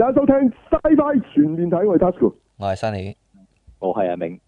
大家收聽 Sci-Fi 全面睇，我係 Tasuku，我係 Sunny，我係阿明，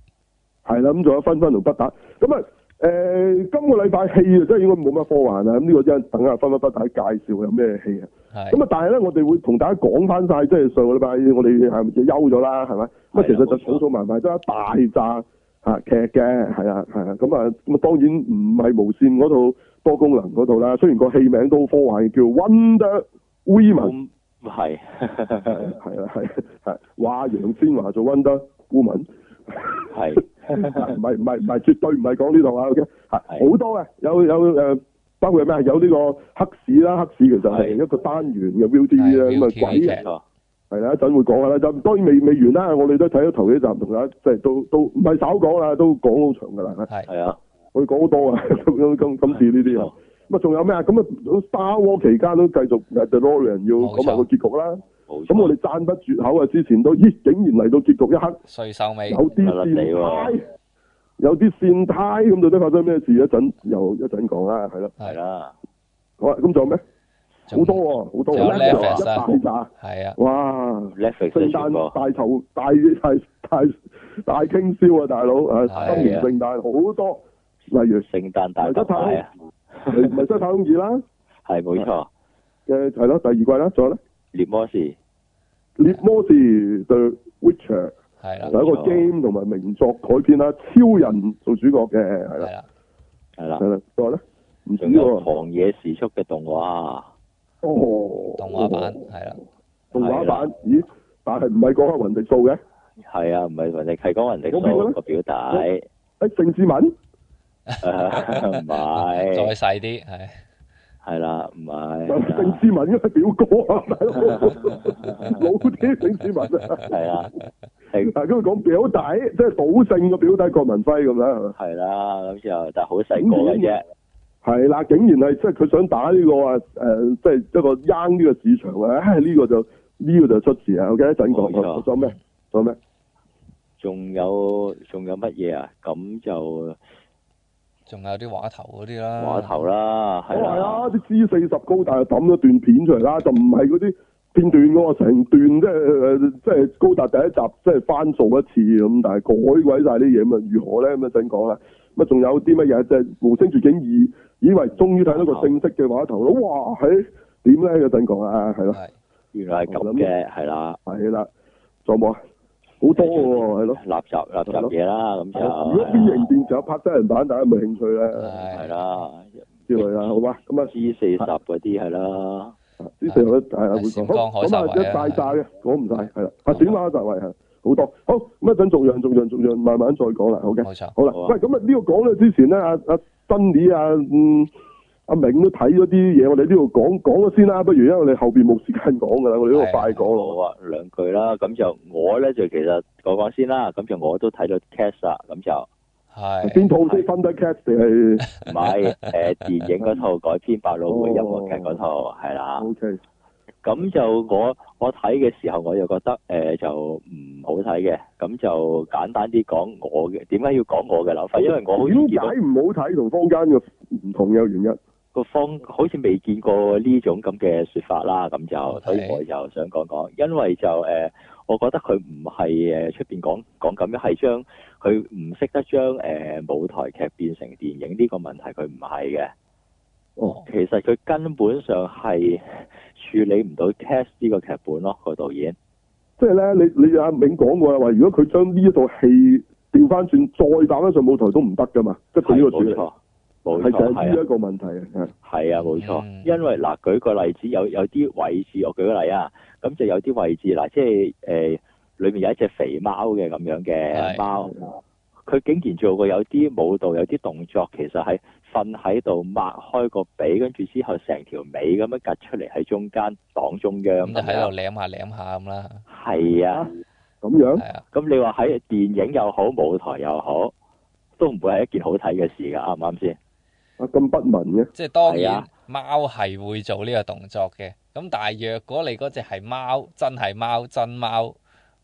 係啦，咁仲有分分同不打，咁啊誒今個禮拜戲啊真係應該冇乜科幻啊，咁、這、呢個真係等下分分不打介紹有咩戲啊，咁啊但係咧我哋會同大家講翻晒，即係上個禮拜我哋係咪就休咗啦，係咪？咁啊其實就草草埋埋得一大扎吓劇嘅，係啊係啊，咁啊咁啊當然唔係無線嗰套多功能嗰套啦，雖然個戲名都科幻，叫 Wonder Woman，嗯。係，係啊，係，係，話楊千嬅做 Wonder Woman，係， 唔係唔係唔係，絕對唔係講呢度啊，OK，好多嘅，有有誒、呃，包括咩啊，有呢個黑市啦，黑市其實係一個單元嘅 ViuTV 嘅咁啊鬼，係啦，一陣會講噶啦，就當然未未完啦，我哋都睇咗頭幾集唔同啦，即係都都唔係少講啊，都講好長噶啦，係啊，我哋講好多啊，今今次呢啲啊。是咁啊，仲有咩啊？咁啊，Star Wars 期間都繼續 The Mandalorian 要講埋個結局啦。咁我哋讚不絕口啊！之前都咦，竟然嚟到結局一刻，有啲變態，有啲變態，咁到底發生咩事？一陣又一陣講啦，係咯。係啦。好。咁仲有咩？好多喎、啊，好多喎，一大扎。係啊。啊哇 Netflix 聖誕大頭大太太大，大，大傾銷啊，大佬啊！今年聖誕好多，例如聖誕大禮。係咪 真係太空二啦？係冇錯係咯，第二季啦，再咧。獵魔士，獵魔士對 Witcher，係啊，第一個 game 同埋名作改編啦，超人做主角嘅係啦，係啦，係啦，再咧，唔止喎。狂野時速嘅動畫，哦，動畫版係啦，動畫版是咦？但係唔係講下雲迪素嘅，係啊，唔係雲迪，係講雲迪素個表弟。誒，鄭、欸、志文。唔 係、啊，再細啲係，係啦，唔係鄭志文， 文的的 啊，表哥啊，咪？好啲鄭志文啊，係啦，係，跟佢講表弟，即係保證個表弟郭文輝咁樣，係啦，咁之後就好醒嘅，係啦，竟然係即係佢想打呢、這個啊，誒、呃，即係一個掹呢個市場啊，呢、哎這個就呢、這個就出事啊，我等得陣講啊，講咩？講咩？仲有仲有乜嘢啊？咁就。仲有啲畫頭嗰啲啦，畫頭啦，都係啊，啲資四十高達又抌咗段片出嚟啦，就唔係嗰啲片段噶成，段即係即係高達第一集即係翻做一次咁，但係改鬼晒啲嘢咁啊，如何咧咁啊，等講啦，咁啊仲有啲乜嘢即係《無聲絕境二》，以為終於睇到個正式嘅畫頭啦，哇，嘿，點咧？呃就是就是，呢有等講啊，係，就，咯，是欸，原來係咁嘅，係啦，係啦，仲有冇？好多喎，係咯，垃圾垃圾嘢啦，咁如果邊形變就有拍真人版，大家咪興趣咧。係啦，之類啦，好嘛，咁啊 C 四十嗰啲係啦，C 四十係啊，會好咁啊一大扎嘅講唔晒，係啦，啊閃光哈薩威好多，好咁啊想逐樣逐樣逐樣，慢慢再講啦，好嘅，好啦，喂咁啊呢個講咧之前咧阿阿 Sunny 啊嗯。阿明都睇咗啲嘢，我哋呢度講講咗先啦，不如因為我哋後邊冇時間講噶啦，我哋呢度快講咯。好啊，兩句啦，咁就我咧就其實講講先啦，咁就我都睇咗 cast 啦，咁就係邊套啲分得 cast 定係唔係？誒，電影嗰套改編百老匯音樂劇嗰套係啦。O K。咁就我我睇嘅時候，我又覺得誒就唔好睇嘅，咁就簡單啲講我嘅點解要講我嘅諗法，因為我點解唔好睇同坊間嘅唔同有原因。個方好似未見過呢種咁嘅說法啦，咁就所以我就想講講，因為就誒、呃，我覺得佢唔係誒出邊講講咁樣，係將佢唔識得將誒、呃、舞台劇變成電影呢、這個問題，佢唔係嘅。哦，其實佢根本上係處理唔到 cast 呢個劇本咯，個導演。即係咧，你你阿銘講過啦，話如果佢將呢一套戲調翻轉，再打翻上舞台都唔得噶嘛，即係佢呢個主。冇錯係啊，一個問題啊，係啊，冇錯，因為嗱，舉個例子，有有啲位置，我舉個例啊，咁就有啲位置，嗱，即係誒，裏面有一隻肥貓嘅咁樣嘅貓，佢竟然做過有啲舞蹈，有啲動作，其實係瞓喺度，擘開個髀，跟住之後成條尾咁樣夾出嚟喺中間擋中央，咁就喺度舐下舐下咁啦。係啊，咁樣，咁你話喺電影又好，舞台又好，都唔會係一件好睇嘅事噶，啱唔啱先？咁不文嘅，即係當然貓係會做呢個動作嘅。咁但係若果你嗰隻係貓，真係貓真貓，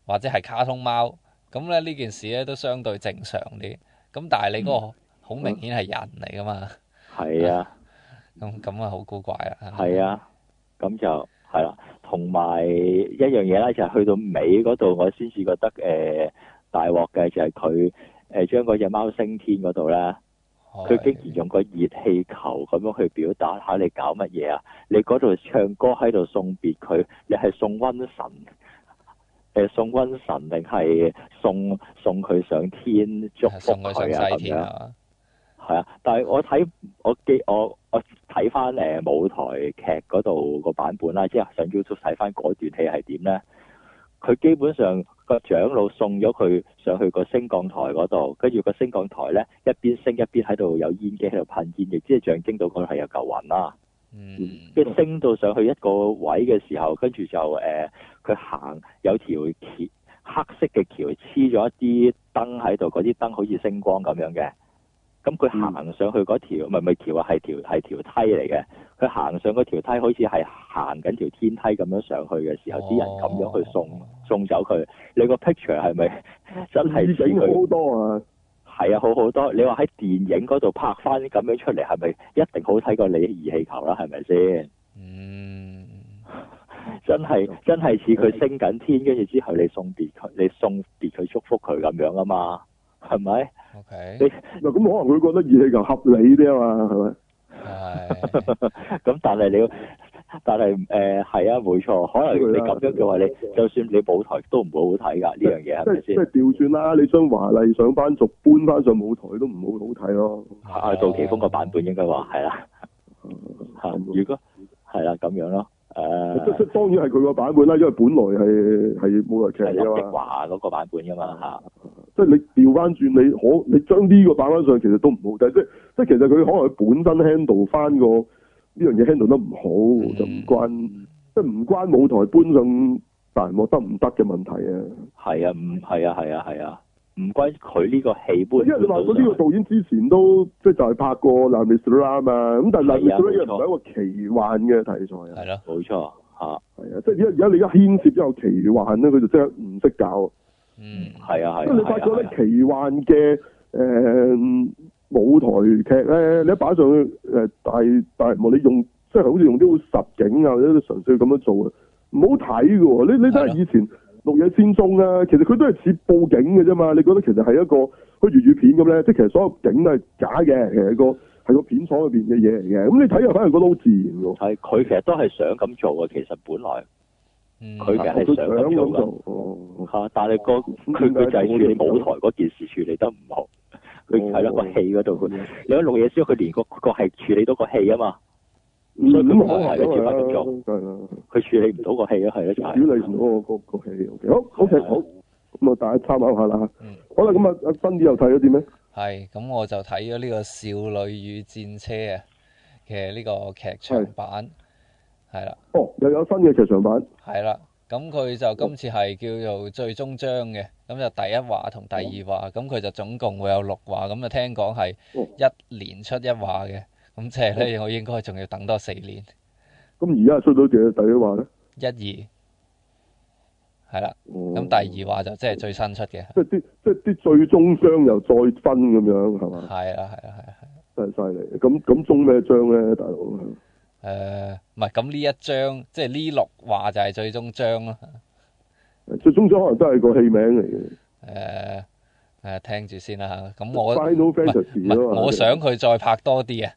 或者係卡通貓，咁咧呢件事咧都相對正常啲。咁但係你嗰個好明顯係人嚟噶嘛？係啊，咁咁啊好古怪啊！係啊，咁就係啦。同埋一樣嘢啦，就係去到尾嗰度，我先至覺得誒大鑊嘅，就係佢誒將嗰隻貓升天嗰度咧。佢、哦、竟然用個熱氣球咁樣去表達下你搞乜嘢啊？你嗰度唱歌喺度送別佢，你係送瘟神？誒、呃，送瘟神定係送送佢上天祝福佢啊？咁樣係啊，但係我睇我記我我睇翻誒舞台劇嗰度個版本啦、啊，即係上 YouTube 睇翻嗰段戲係點咧？佢基本上。個長老送咗佢上去個升降台嗰度，跟住個升降台呢一邊升一邊喺度有煙機喺度噴煙，亦即係象徵到嗰度係有舊雲啦。嗯，跟住升到上去一個位嘅時候，跟住就誒，佢、呃、行有條橋，黑色嘅橋，黐咗一啲燈喺度，嗰啲燈好似星光咁樣嘅。咁佢行上去嗰條咪咪、嗯、條啊，係條，條，條梯嚟嘅。佢行上嗰條梯，好似係行緊條天梯咁樣上去嘅時候，啲、哦、人咁樣去送送走佢。你個 picture 係咪真係似佢？係啊，啊，好好多。你話喺電影嗰度拍翻咁樣出嚟，係咪一定好睇過你熱氣球啦？係咪先？嗯， 真係真係似佢升緊天，跟住之後你送別佢，你送別佢祝福佢咁樣啊嘛，係咪？O、okay. K，你嗱咁可能佢覺得二氣就合理啲啊嘛，係咪？咁、yes. 但係你，但係誒係啊，冇錯。可能你咁樣嘅話、啊，你就算你舞台都唔會好睇㗎呢樣嘢，即係調轉啦！你將華麗上班族搬翻上舞台都唔會好睇咯。阿杜琪峯嘅版本應該話係啦。嚇、啊嗯 嗯！如果係啦，咁、啊、樣咯。誒、呃，即即當然係佢個版本啦，因為本來係係舞台劇啫嘛，劉德華嗰個版本噶嘛嚇。即係你調翻轉你可，你將呢個版本上其實都唔好，即係即即其實佢可能本身 handle 翻個呢樣嘢 handle 得唔好，嗯、就唔關即唔關舞台搬上大幕得唔得嘅問題係啊。係啊，唔係啊，係啊，係啊。唔關佢呢個戲本、就是，因為你話嗰呢個導演之前都即就係、是、拍過《藍色絲蘭》啊嘛，咁但係《藍色絲蘭》又唔係一個奇幻嘅題材。係咯，冇錯嚇。係啊，即係而家而家你一牽涉咗後奇幻咧，佢就即係唔識搞。嗯，係啊，係、啊。因為你發覺咧，奇幻嘅、呃、舞台劇咧，你一擺上去誒、呃、大大幕你用即係、就是、好似用啲好實景啊，或者純粹咁樣做，唔好睇嘅喎。你你睇下以前。做嘢先中啊！其實佢都係似佈景嘅啫嘛。你覺得其實係一個好似粵語片咁咧，即係其實所有景都係假嘅。其實係個係個片場裏邊嘅嘢嚟嘅。咁你睇下，反而覺得好自然咯。佢其實都係想咁做嘅。其實本來佢、嗯、其實係想咁做嘅、嗯。但係、個佢佢、嗯、就係處理舞台嗰件事處理得唔好。佢係啦個戲嗰度、嗯，你喺錄嘢先，佢連個個係處理到個戲啊嘛。咁好，能係一發作，係、嗯、佢處理唔到個戲咯，係咧，就係處理唔到個戲。個戲 OK，好，好好咁啊，大家參考下啦吓、嗯。好啦，咁啊啊，新嘢又睇咗啲咩？係，咁我就睇咗呢個《少女與戰車》啊嘅呢個劇場版，係啦。哦，又有，有新嘅劇場版。係啦，咁佢就今次係叫做最終章嘅，咁就第一話同第二話，咁、嗯、佢就總共會有六話，咁就聽講係一連出一話嘅。咁即係咧，我應該仲要等多四年。咁而家出到第第一話咧？一二，係啦。咁、嗯、第二話就即係最新出嘅。即係啲即係啲最終章又再分咁樣係嘛？係啊係啊係啊！真係犀利。咁咁中咩章咧，大佬？誒唔係咁呢一章，即係呢六話就係最終章啦。最終章可能都係個戲名嚟嘅。誒、呃、誒，聽住先啦嚇。咁我唔係唔係我想佢再拍多啲啊！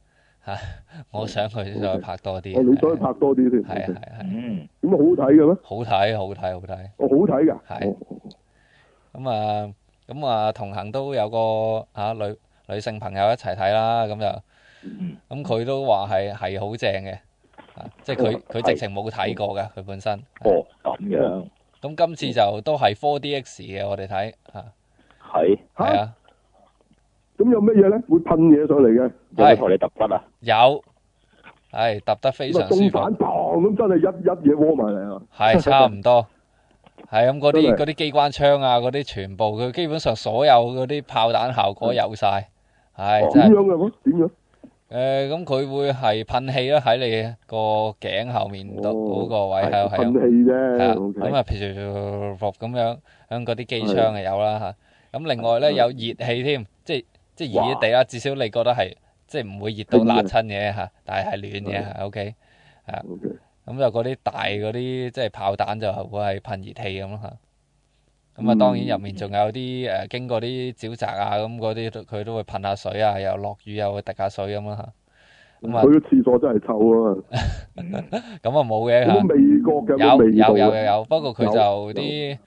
我想佢再拍多啲。我想拍多啲先。係啊係啊。嗯，咁、嗯、好睇嘅咩？好睇好睇好睇。我、哦、好睇噶。係。咁、哦、啊，咁啊，同行都有個、啊、女女性朋友一齊睇啦，咁就，咁佢都話係係好正嘅，啊，即係佢佢直情冇睇過㗎。佢、哦、本身。哦，咁樣。咁今次就都係 4DX 嘅，我哋睇係。係係啊。咁有乜嘢咧？會噴嘢上嚟嘅，有冇同你揼骨啊？有，係揼得非常舒服。咁啊，中彈砰咁，真係一一嘢窩埋嚟啊！係差唔多，係咁嗰啲嗰啲機關槍啊，嗰啲全部，佢基本上所有嗰啲炮彈效果有晒，係。咁樣嘅麼？點樣？誒，咁佢會係噴氣啦，喺你個頸後面度嗰個位係啊，噴氣啫。係啊，咁啊，譬如咁樣，響嗰啲機槍係有啦吓。咁另外咧有熱氣添，即係。即係熱啲地啦，至少你覺得係即係唔會熱到辣親嘅吓，但係係暖嘅，OK，係啊。咁、okay 嗯、就嗰啲大嗰啲即係炮彈就會係噴熱氣咁咯吓。咁、嗯、啊，當然入面仲有啲誒、呃，經過啲沼澤啊，咁嗰啲佢都會噴下水啊，又落雨又會滴下水咁啦吓。佢、嗯、個廁所真係臭啊！咁啊冇嘅吓。美國嘅有有有有，有，有，有，不過佢就啲。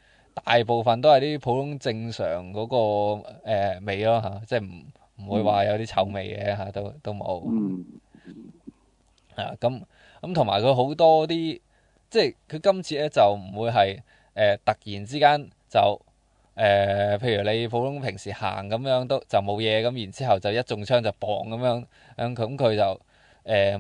大部分都係啲普通正常嗰、個味、呃、咯嚇，即係唔唔會話有啲臭味嘅嚇，都都冇。啊咁咁同埋佢好多啲，即係佢今次咧就唔會係誒、呃、突然之間就誒、呃，譬如你普通平時行咁樣都就冇嘢，咁然之後就一中槍就磅咁樣，咁、嗯、佢、嗯、就誒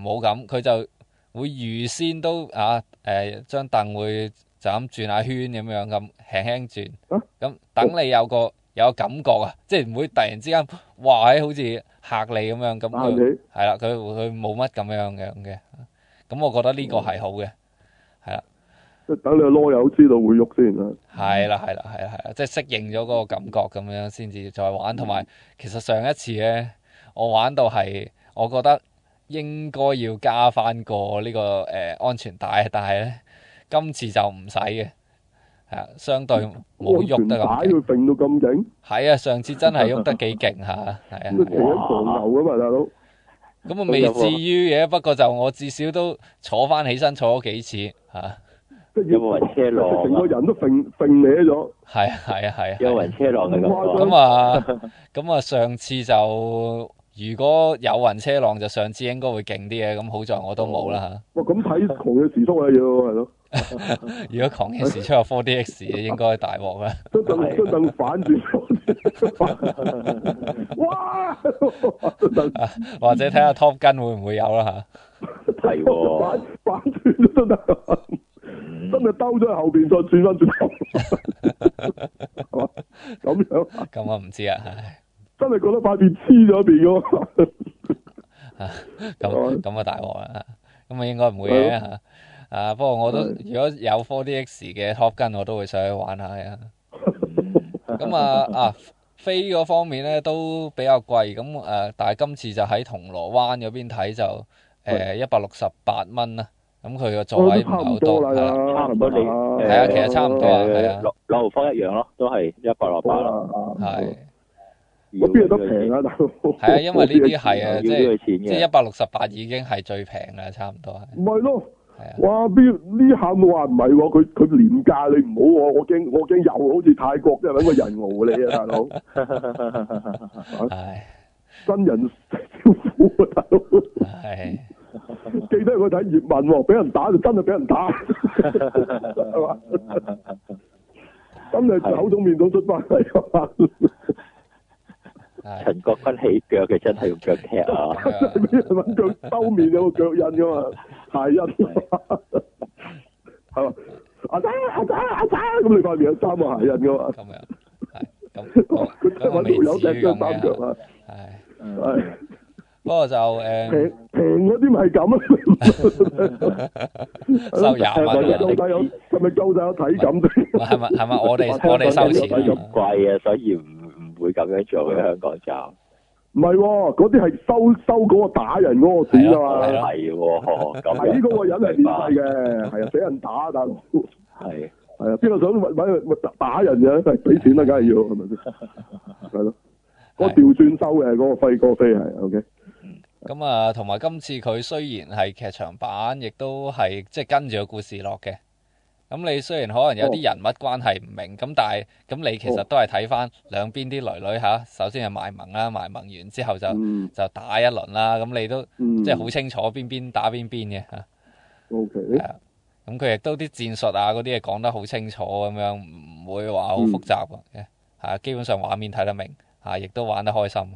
冇咁，佢、呃、就會預先都啊誒張凳會。就咁轉下圈咁樣咁輕輕轉，咁等、啊、你有個有個感覺啊，即係唔會突然之間，哇好似吓你咁樣咁，係啦，佢佢冇乜咁樣嘅咁嘅，咁我覺得呢個係好嘅，係、嗯、啦。即等你囉柚知道會喐先啦。係啦係啦係啦係啦，即係適應咗嗰個感覺咁樣先至再玩。同、嗯、埋其實上一次咧，我玩到係，我覺得應該要加翻個呢、這個誒、呃、安全帶，但係咧。今次就唔使嘅，係啊，相對冇喐得咁勁。我全踩佢，掟到咁勁。係啊，上次真係喐得幾勁吓，係啊，坐喺牀流啊嘛，大佬。咁啊，未至於嘅，不過就我至少都坐翻起身，坐咗幾次吓。有暈車浪，成個人都掟掟歪咗。係係啊係啊。有暈車浪嘅咁啊咁啊，上次就如果有暈車浪，就上次應該會勁啲嘅。咁好在我都冇啦吓。哇！咁睇同嘅時速啊，嘢喎，係咯。 如果狂野時速出個 4DX，應該大鑊啦。都 反轉，哇 ，或者睇下 Top Gun 會唔會有啦吓？係 反反轉都得，真係兜咗後邊再轉翻轉頭，係嘛？咁樣？咁我唔知啊，真係覺得塊面黐咗邊噶嘛？咁咁啊大鑊啦，咁啊應該唔會嘅吓。啊！不過我都如果有 4DX 嘅 Top Gun，我都會上去玩下呀。咁、嗯、啊啊，飛嗰方面咧都比較貴。咁、啊、誒，但係今次就喺銅鑼灣嗰邊睇就誒一百六十八蚊啦。咁佢個座位唔係好多，差唔多係啊，其實差唔多啊。係、嗯、啊，六六號方一樣咯，都係一百六十八啦，係。我邊度都平啦都。係啊， 因為呢啲係啊，即係即係一百六十八已經係最平啦，差唔多。唔係咯。哇！邊呢下我話唔係喎，佢佢廉價，你唔好我，我驚我驚又好似泰國即係揾個人熬你 啊，大佬！唉、啊，真人招呼大佬！係、啊，啊、 記得佢睇葉問喎，俾人打就真係俾人打，係嘛？今日口腫面腫出翻，嚟、啊。陳國軍起腳嘅真係用腳踢啊！真係揾腳兜面有個腳印噶嘛？鞋印啊！係咪？阿仔阿仔阿仔，咁你塊面有三個鞋印噶嘛？咁樣係咁，佢揾到有隻腳三隻啊！唉，係不過就誒平平嗰啲咪咁啊！收廿蚊咁，係咪夠曬有？係咪夠曬有體感？係咪係咪？我哋我哋收錢啊！貴啊，所以唔～會咁樣做嘅香港站？唔係、啊，嗰啲係收收嗰個打人嗰個錢是啊嘛，係喎、啊，係呢、啊啊、 個人係廢嘅，係 啊，俾人打但是啊，大佬，係係啊，邊個想搵打人嘅、啊，俾錢啦，梗係、啊、要，係咪先？係咯，嗰調轉收嘅，嗰個廢哥費係，OK。咁啊，同埋今次佢雖然係劇場版，亦都係即係跟住個故事落嘅。咁你雖然可能有啲人物關係唔明，咁、哦、但係咁你其實都係睇翻兩邊啲女女吓、哦，首先係賣萌啦，賣萌完之後就、嗯、就打一輪啦，咁你都、嗯、即係好清楚邊邊打邊邊嘅吓。O K。係啊，咁佢亦都啲戰術啊，嗰啲嘢講得好清楚咁樣，唔會話好複雜嘅，係、嗯、啊，基本上畫面睇得明，亦、啊、都玩得開心。咁、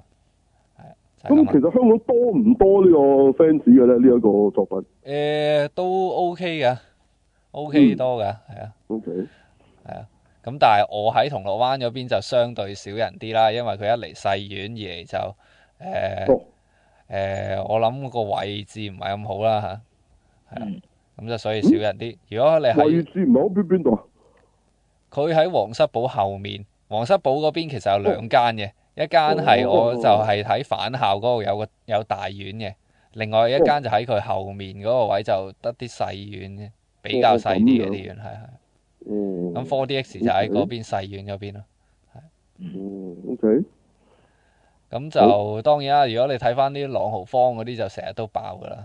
嗯啊。其實香港多唔多個呢個 fans 嘅咧？呢、這、一個作品。誒、欸，都 O K 嘅。O.K. 多噶係啊，O.K. 係啊，咁、okay. 啊、但係我喺銅鑼灣嗰邊就相對少人啲啦，因為佢一嚟細院，二嚟就誒誒、欸哦欸，我諗個位置唔係咁好啦吓，係啊，咁、嗯、就所以少人啲。如果你喺位置唔好，邊度？佢喺黃室堡後面，黃室堡嗰邊其實有兩間嘅，一間係我、哦、就係喺反校嗰個有個有大院嘅，另外一間就喺佢後面嗰個位就得啲細院嘅。比較細啲嘅啲院係係，咁 4DX 就喺嗰邊細院嗰邊咯，係。嗯，嗯，嗯，嗯，OK。咁、嗯、就當然啦，如果你睇翻啲朗豪坊嗰啲就成日都爆噶啦，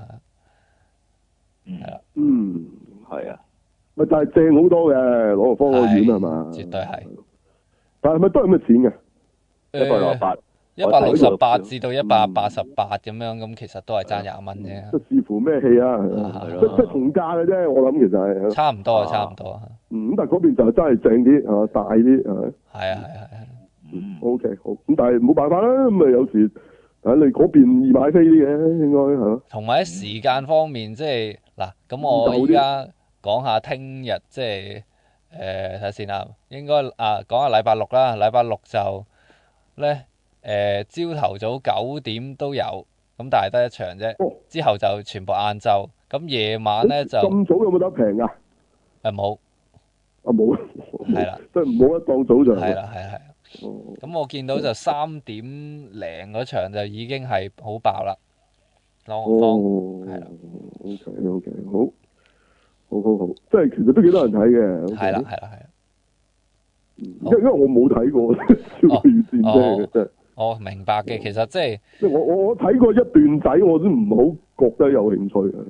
係啦。嗯，係啊。咪就係正好多嘅朗豪坊個院係嘛，絕對係。但係咪都係咁嘅錢嘅，一個六八。嗯嗯一百六十八至到一百八十八咁樣，咁、嗯嗯、其實都係賺廿蚊啫。都視乎咩戲啊？即即、啊啊、同價嘅啫，我諗其實係差唔多啊，差唔多、嗯、但邊就真正好大啊。咁但係嗰邊就真係正啲，係大啲係咪？係啊，係啊，O K，好咁，但係冇辦法啦，咁啊有時喺你嗰邊易買飛啲嘅，應該係同埋喺時間方面，即係嗱，咁、啊、我依家講下聽日，即係誒睇下先啦。應該啊講下禮拜六啦，禮拜六就咧。呢誒、呃，朝頭早九點都有，咁但係得一場啫、哦。之後就全部晏晝，咁夜晚咧就咁早有冇得平噶？誒冇，啊冇，係啦，即係冇一檔早就係啦係啦，咁、哦、我見到就三點零嗰場就已經係好爆啦，浪浪係啦。O K O K，好，好好好，即係其實都幾多人睇嘅。係啦係啦係啦，因為、哦、因為我冇睇過、哦、 超短線啫，真係。哦哦，明白嘅、哦，其實即係即係我我我睇過一段仔，我都唔好覺得有興趣嘅。誒、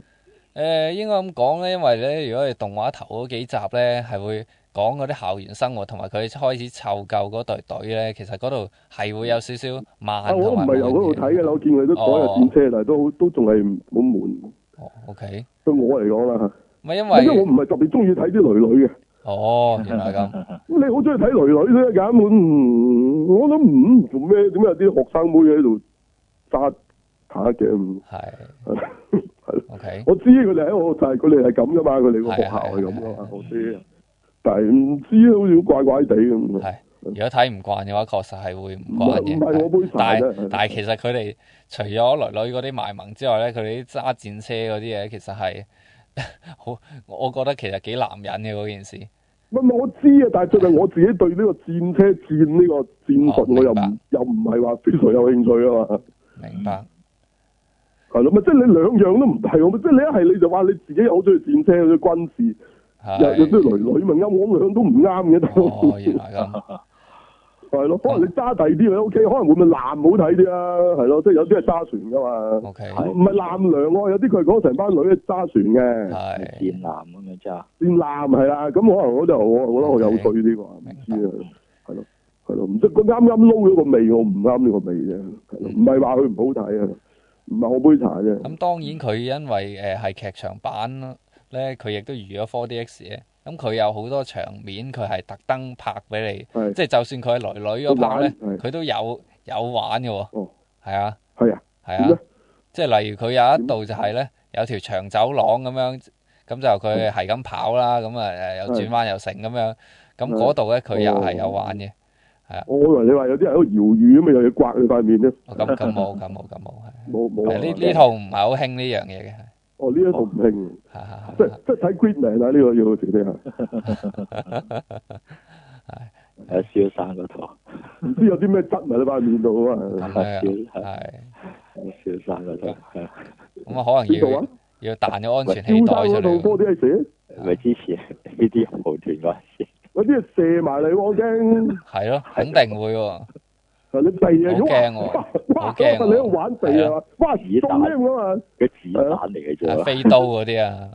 呃，應該咁講咧，因為咧，如果係動畫頭嗰幾集咧，係會講嗰啲校園生活，同埋佢開始湊夠嗰隊隊咧，其實嗰度係會有少少慢的。我唔係由嗰度睇嘅，我見佢都講下戰車，哦、但係都都仲係唔好悶。哦，OK。對我嚟講啦，唔係因為我唔係特別中意睇啲女女嘅。哦，原來咁。咁 你好中意睇女女咧，咁、嗯、我諗唔做咩？點、嗯、解有啲學生妹喺度揸下嘅？係，係 O K。我知佢哋喺我，但係佢哋係咁噶嘛，佢哋個學校係咁噶嘛，我知、啊啊。但係唔知，好似怪怪地咁。係，如果睇唔慣嘅話，確實係會唔慣嘅。唔係我杯茶啫。但係其實佢哋除咗女女嗰啲賣萌之外咧，佢哋啲揸戰車嗰啲嘢，其實係。好， 我覺得其實幾男人嘅嗰件事，唔唔，我知啊，但係最近我自己對呢個戰車戰呢個戰群，我又又唔係話非常有興趣啊嘛。明白。係咯，咪即係你兩樣都唔係，咪即係你一係你就話你自己又好中意戰車嘅軍事，的又又中意女女，咪啱我兩都唔啱嘅都。哦 係咯， 可能你揸第啲咧 OK，可能會咪男好睇啲啊，係咯，即係有啲係揸船噶嘛，唔係男兩咯？有啲佢講成班女揸船嘅，係電男咁樣揸電男係啦，咁可能我就我覺得我有罪啲喎，明、okay。知啊，係咯係咯，唔識佢啱啱撈咗個味，我唔啱呢個味啫，唔係話佢唔好睇啊，唔係我杯茶啫。咁當然佢因為誒係、呃、劇場版咧，佢亦都預咗 4DX 啊。咁、嗯、佢有好多場面，佢係特登拍俾你，即係就算佢係女女嗰拍，咧，佢都有有玩嘅喎、哦。係、哦、啊，係啊，啊即係例如佢有一度就係咧，有條長走廊咁樣，咁就佢係咁跑啦，咁啊又轉彎又成咁樣，咁嗰度咧佢又係有玩嘅，哦、啊。我以為你話有啲人搖魚有、哦、有 有有 啊咪又要刮佢塊面咧。咁咁冇，咁冇、啊，咁冇係。冇冇。呢呢套唔係好興呢樣嘢嘅。哦，呢一度唔聽，即係即係睇 green 名啦，呢個要特別係。阿蕭生嗰套，唔知有啲咩質埋喺塊面度啊？係、這個，係、這個，蕭生嗰套，係、嗯。咁、嗯、啊，啊、嗯嗯嗯嗯，可能要、啊、要彈咗安全氣袋出嚟。蕭生嗰套 four D S，咪支持呢啲豪團嗰陣時。嗰啲 射埋嚟我驚。係 咯，肯定會喎 啊，啊， 啊！你射嘢，好驚我，好驚！你喺度玩射啊！哇！子彈嚟噶嘛？嘅子彈嚟嘅啫，飛刀嗰啲啊，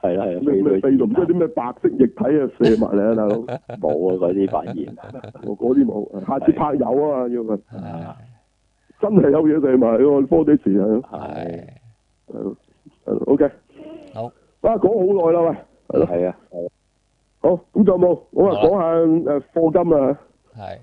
係啊！咩咩飛龍，即係啲咩白色液體 你啊，射埋嚟啊，大佬！冇啊，嗰啲發現， 我嗰啲冇，下次拍有啊嘛要問啊，真係有嘢射埋，我科技戰係，係，OK 好，啊，講好耐啦喂，係咯、啊，係啊，好，咁仲有冇？我話講下誒課金啊，係、啊。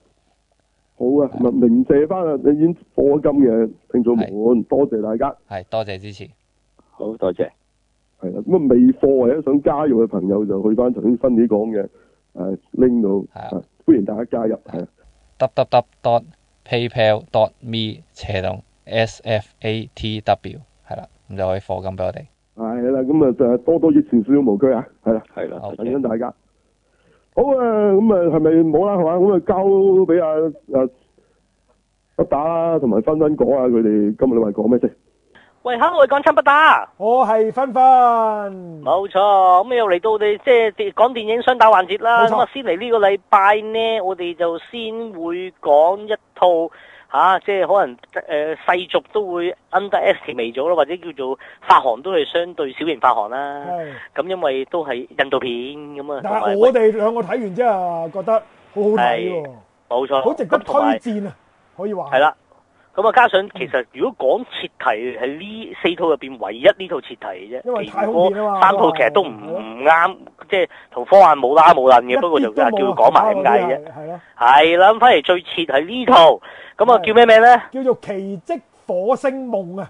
好啊，咪明謝翻啊！你已經課金嘅聽眾們，多謝大家。係多謝支持，好多謝。係啦，咁啊未課或者想加入嘅朋友就去翻頭先 Sunny 講嘅，誒、啊、拎到啊，歡迎大家加入。係。dub dub dot paypal dot me 斜檔 sfatw 係啦，咁就可以課金俾我哋。係啦，咁啊就多多益善，少少無拘啊！係啦，係啦，等緊大家。Okay. 好、嗯、是是是是交啊，咁啊，係咪冇啦，係嘛？咁啊，交俾阿阿不打同埋芬芬講下佢哋今日你話講咩啫？喂，Hello，我講親不打，我係芬芬。冇錯，咁又嚟到我哋即係講電影雙打環節啦。咁啊，先嚟呢個禮拜呢，我哋就先會講一套。吓、啊，即係可能誒、呃，世俗都會 underestimate 咗咯，或者叫做發行都係相對小型發行啦。咁因為都係印度片咁啊。但係我哋兩個睇完之後覺得好好睇，冇錯，好值得推薦啊，可以話，係啦。咁啊，加上其實如果講切題係呢四套入邊唯一呢套切題嘅啫，其他三套其實都唔啱，即係同科幻冇拉冇楞嘅，不過就叫佢講埋咁解啫。係咯，係啦，反嚟最切係呢套，咁啊叫咩名咧？叫做《奇蹟火星夢》啊！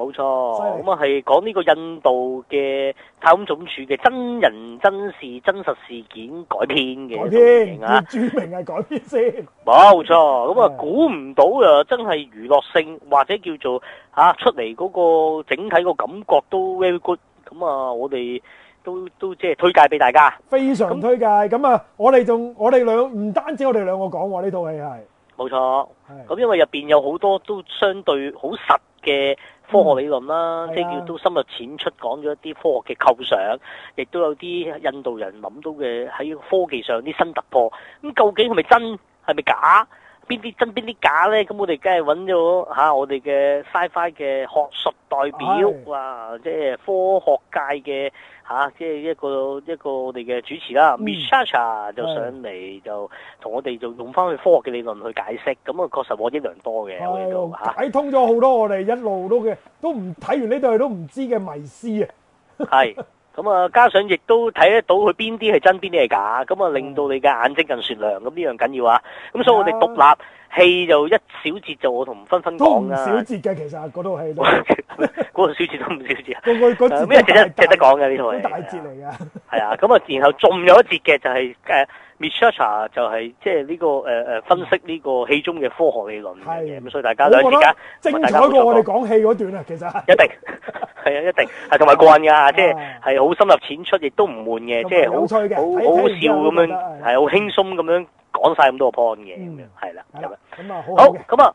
冇錯，咁啊係講呢個印度嘅太空總署嘅真人真事真實事件改編嘅、啊、改編啊，著名係改編先 錯，冇錯咁啊，估唔到啊，真係娛樂性或者叫做吓、啊、出嚟嗰個整體個感覺都 very good。咁啊，我哋都都即係推介俾大家，非常推介。咁啊，我哋仲我哋兩唔單止我哋兩個講喎，呢套戲係冇錯，咁，因為入邊有好多都相對好實嘅。科學理論啦，即係叫都深入淺出講咗一啲科學嘅構想，亦都有啲印度人諗到嘅喺科技上啲新突破。咁究竟係咪真係咪假？邊啲真邊啲假呢？咁我哋梗係揾咗吓我哋嘅 sci-fi 嘅學術代表啊，即係科學界嘅。嚇、啊，即係一個一個我哋嘅主持啦 MythSearcher 就上嚟就同我哋就用翻佢科學嘅理論去解釋，咁啊確實獲益良多嘅、嗯，我哋都嚇解通咗好多我哋一路都嘅都唔睇完呢對都唔知嘅迷思啊！係、嗯、咁 啊，加上亦都睇得到佢邊啲係真，邊啲係假，咁啊令到你嘅眼睛更雪亮，咁呢樣緊要啊！咁所以我哋獨立。戲就一小節就我同分分講啦，小節嘅其實嗰套戲都，嗰 度小節 都唔小節。個個嗰節真係值得講嘅呢套係大節嚟噶。係啊，咁、這個、啊，然後仲有一節嘅就係誒，MythSearcher 就係即係呢個誒誒、啊、分析呢個戲中嘅科學理論嘅。咁 所以大家兩節啊，大家好過我哋講戲嗰段啊，其 實一定係啊， 一定係同埋過癮噶，即係係好深入淺出，亦都唔悶嘅，即係好好好笑咁樣，係好輕鬆咁樣。講晒咁多個 point 嘅，咁係啦，咁啊、嗯嗯、好，咁、嗯、啊、嗯、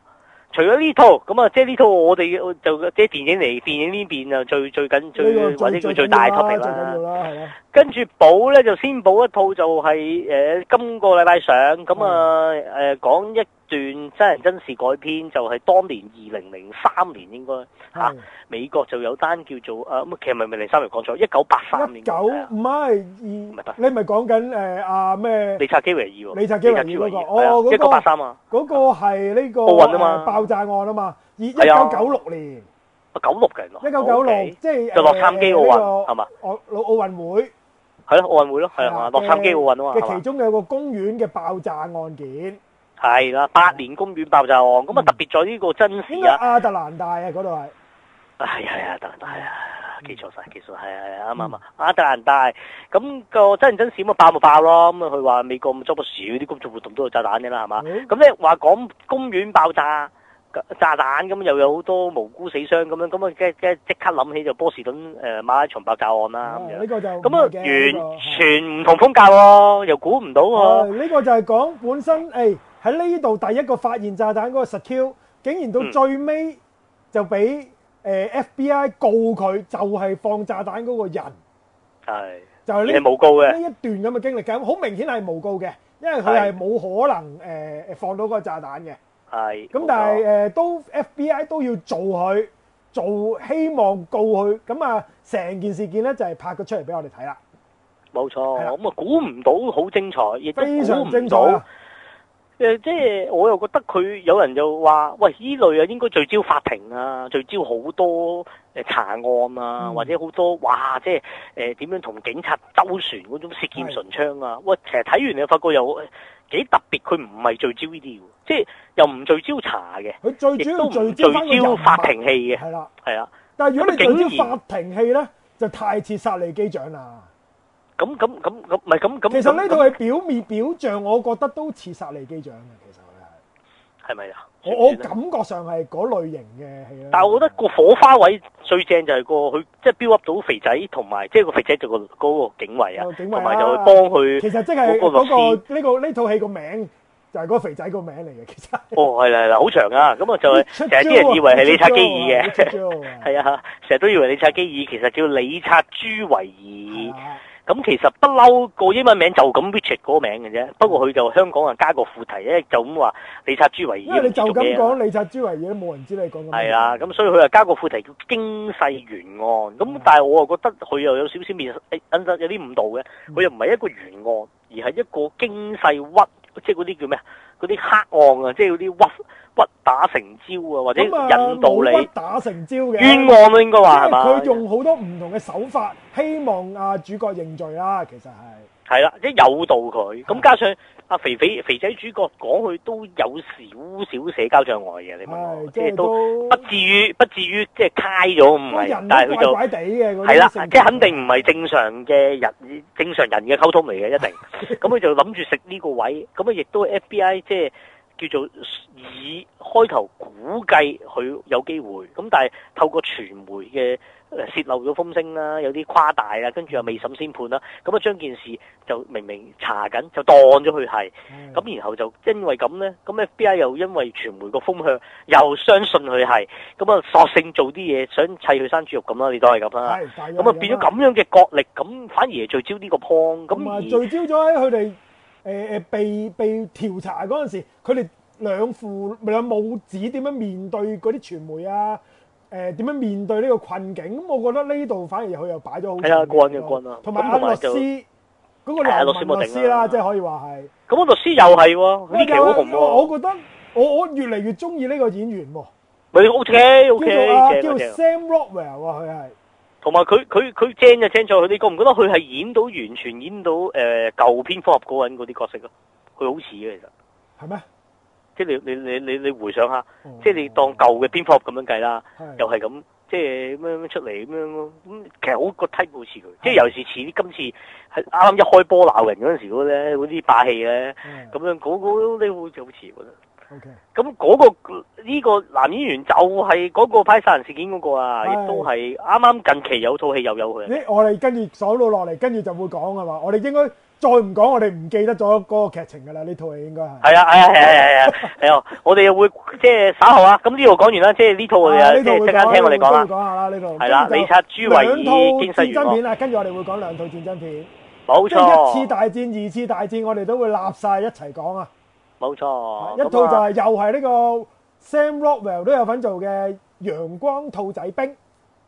除咗呢套，咁啊即係呢套我哋就即係電影嚟，電影呢邊啊，最最緊最或者叫最大嘅 topic 啦。跟住補咧就先補一套就係、是、誒、呃、今個禮拜上，咁、嗯、啊誒講、呃、一。段真人真事改編，就係當年二零零三年應該吓美國就有單叫做誒，咁其實唔係二零零三年講錯，一九八三年。一九唔係二，你唔係講緊誒啊咩？李察基維爾二，李察基維爾二嗰個，一九八三啊，嗰個係呢個奧運啊嘛，爆炸案啊嘛，而一九九六年，九六嘅，一九九六即係誒誒洛杉磯奧運係嘛？奧奧運會係咯，奧運會咯，係啊嘛，洛杉磯奧運啊嘛，嘅其中有個公園嘅爆炸案件。係啦，百年公園爆炸案咁啊、嗯，特別在呢個真事啊！亞特蘭大啊，嗰度係。係啊係啊，亞特蘭大啊，記錯晒記錯，係啊係啱啱啊，亞特蘭大。咁、哎哎嗯哎嗯嗯咁個真人真事咪爆咪爆咯。咁佢話美國咪捉不少啲工作活動都有炸彈嘅啦，係嘛？咁、嗯、咧話講公園爆炸炸彈咁又有好多無辜死傷咁樣咁啊嘅嘅即刻諗起就波士頓誒、呃、馬拉松爆炸案啦。咁、嗯、呢、呢個就咁啊，完全唔同風格喎、啊，又估唔到呢、啊嗯呢個就係講本身誒。哎喺呢度第一個發現炸彈嗰個實 Q，竟然到最尾就俾誒 FBI 告佢，就係放炸彈嗰個人。係就係呢，你冇告嘅呢一段咁嘅經歷嘅，好明顯係無告嘅，因為佢係冇可能誒放到個炸彈嘅。係咁，但係誒都 FBI 都要做佢，做希望告佢。咁啊，成件事件咧就係拍咗出嚟俾我哋睇啦。冇錯，咁啊估唔到好精彩，亦都估唔到。誒、呃，即係我又覺得佢有人就話，喂，呢類啊，應該聚焦法庭啊，聚焦好多、呃、查案啊，嗯、或者好多哇，即係誒點樣同警察周旋嗰種舌劍唇槍啊！喂，其實睇完你發覺又幾特別，佢唔係聚焦呢啲，即係又唔聚焦查嘅。佢最主要聚焦，聚焦法庭戲嘅。係啦，啊。但係如果你聚焦法庭戲咧，就太似薩利機長啦。咁咁咁咁，唔係咁咁。其實呢套係表面表象，我覺得都似《薩利機長》嘅，其實佢係係咪啊？我我感覺上係嗰類型嘅，係啊。但係我覺得個火花位最正就係個佢，即係 build up 到肥仔同埋，即係個肥仔做個嗰個警衛啊，同埋就去幫佢。其實即係嗰個呢個呢套戲個名就係個肥仔個名嚟嘅。其實哦，係啦係啦，好長噶，咁啊就係成日啲人以為係李察基爾嘅，係啊，成日都以為李察基爾其實叫李察朱維爾。咁其實不嬲個英文名就咁 Richard 嗰個名嘅啫，不過佢就香港人加個副題咧，就咁話李察朱維爾嘢。你就咁講李察朱維爾，冇人知你講乜嘢。係啊，咁所以佢又加個副題叫《驚世疑案》，嗯。咁但係我又覺得佢又有少少面，誒，有啲有啲誤導嘅。佢又唔係一個疑案，而係一個驚世屈。即係嗰啲叫咩啊？嗰啲黑案啊，即係嗰啲屈屈打成招啊，或者引導你、嗯、打成招冤案，應應該話係嘛？佢用好多唔同嘅手法，希望啊主角認罪啦，其實係。係啦，即係誘導佢，咁加上阿肥肥肥仔主角講佢都有少少社交障礙嘅，你問我，即係都，都不至於不至於即係癦咗唔係，但係佢就怪怪地嘅，係啦，即係肯定唔係正常嘅人， 正常人嘅溝通嚟嘅一定。咁 佢就諗住食呢個位，咁啊亦都 FBI 即係。叫做以開頭估計佢有機會，咁但係透過傳媒嘅誒洩漏咗風聲啦，有啲誇大啦，跟住又未審先判啦，咁啊將件事就明明查緊就當咗佢係，咁、嗯、然後就因為咁咧，咁 FBI 又因為傳媒個風向又相信佢係，咁啊索性做啲嘢想砌佢生豬肉咁啦，你都係咁啦，咁啊變咗咁樣嘅角力，咁反而聚焦呢個 point，咁聚焦咗喺佢哋。誒、呃、被被調查嗰陣時，佢哋兩父兩母子點樣面對嗰啲傳媒啊？誒、呃、點樣面對呢個困境？咁我覺得呢度反而佢又擺咗好。係、嗰個、啊，軍嘅軍啊，同埋阿律師嗰個男律師啦，啊、即係可以話係。咁、啊嗰個、律師又係喎，呢條好恐怖。我覺得我我越嚟越中意呢個演員喎、啊。咪 O K O K 叫、啊、叫、okay. Sam Rockwell 佢、啊、係。同埋佢佢佢正就正在佢，你覺唔覺得佢係演到完全演到誒、呃、舊蝙蝠俠嗰嗰啲角色咯？佢好似嘅其實係咩？即係你你你你你回想下，嗯、即係你當舊嘅蝙蝠俠咁樣計啦，又係咁即係咁樣出嚟咁樣咯？咁其實好個梯好似佢，即係尤其是似啲今次係啱啱一開波鬧人嗰陣時嗰啲嗰啲霸氣咧，咁、嗯、樣嗰嗰、那個、都都好似。OK，咁嗰、那個呢、這個男演員就係嗰個派殺人事件嗰個啊，亦都係啱啱近期有套戲又有佢。你我哋跟住講到落嚟，跟住就會講㗎嘛。我哋應該再唔講，我哋唔記得咗嗰個劇情噶啦。呢套戲應該係。係啊，係啊，係啊，係啊，係啊，我哋會即係、就是、稍後啊。咁呢度講完啦，即係呢套啊，即係即刻聽我哋講啦。講下啦呢套，係啦，李察朱維爾軍事預告片啊。跟住我哋會講兩套戰爭片，冇、哦、錯。錯一次大戰、二次大戰，我哋都會立晒一齊講啊。冇錯，一套就係又係呢個 Sam Rockwell 都有份做嘅《陽光兔仔兵》，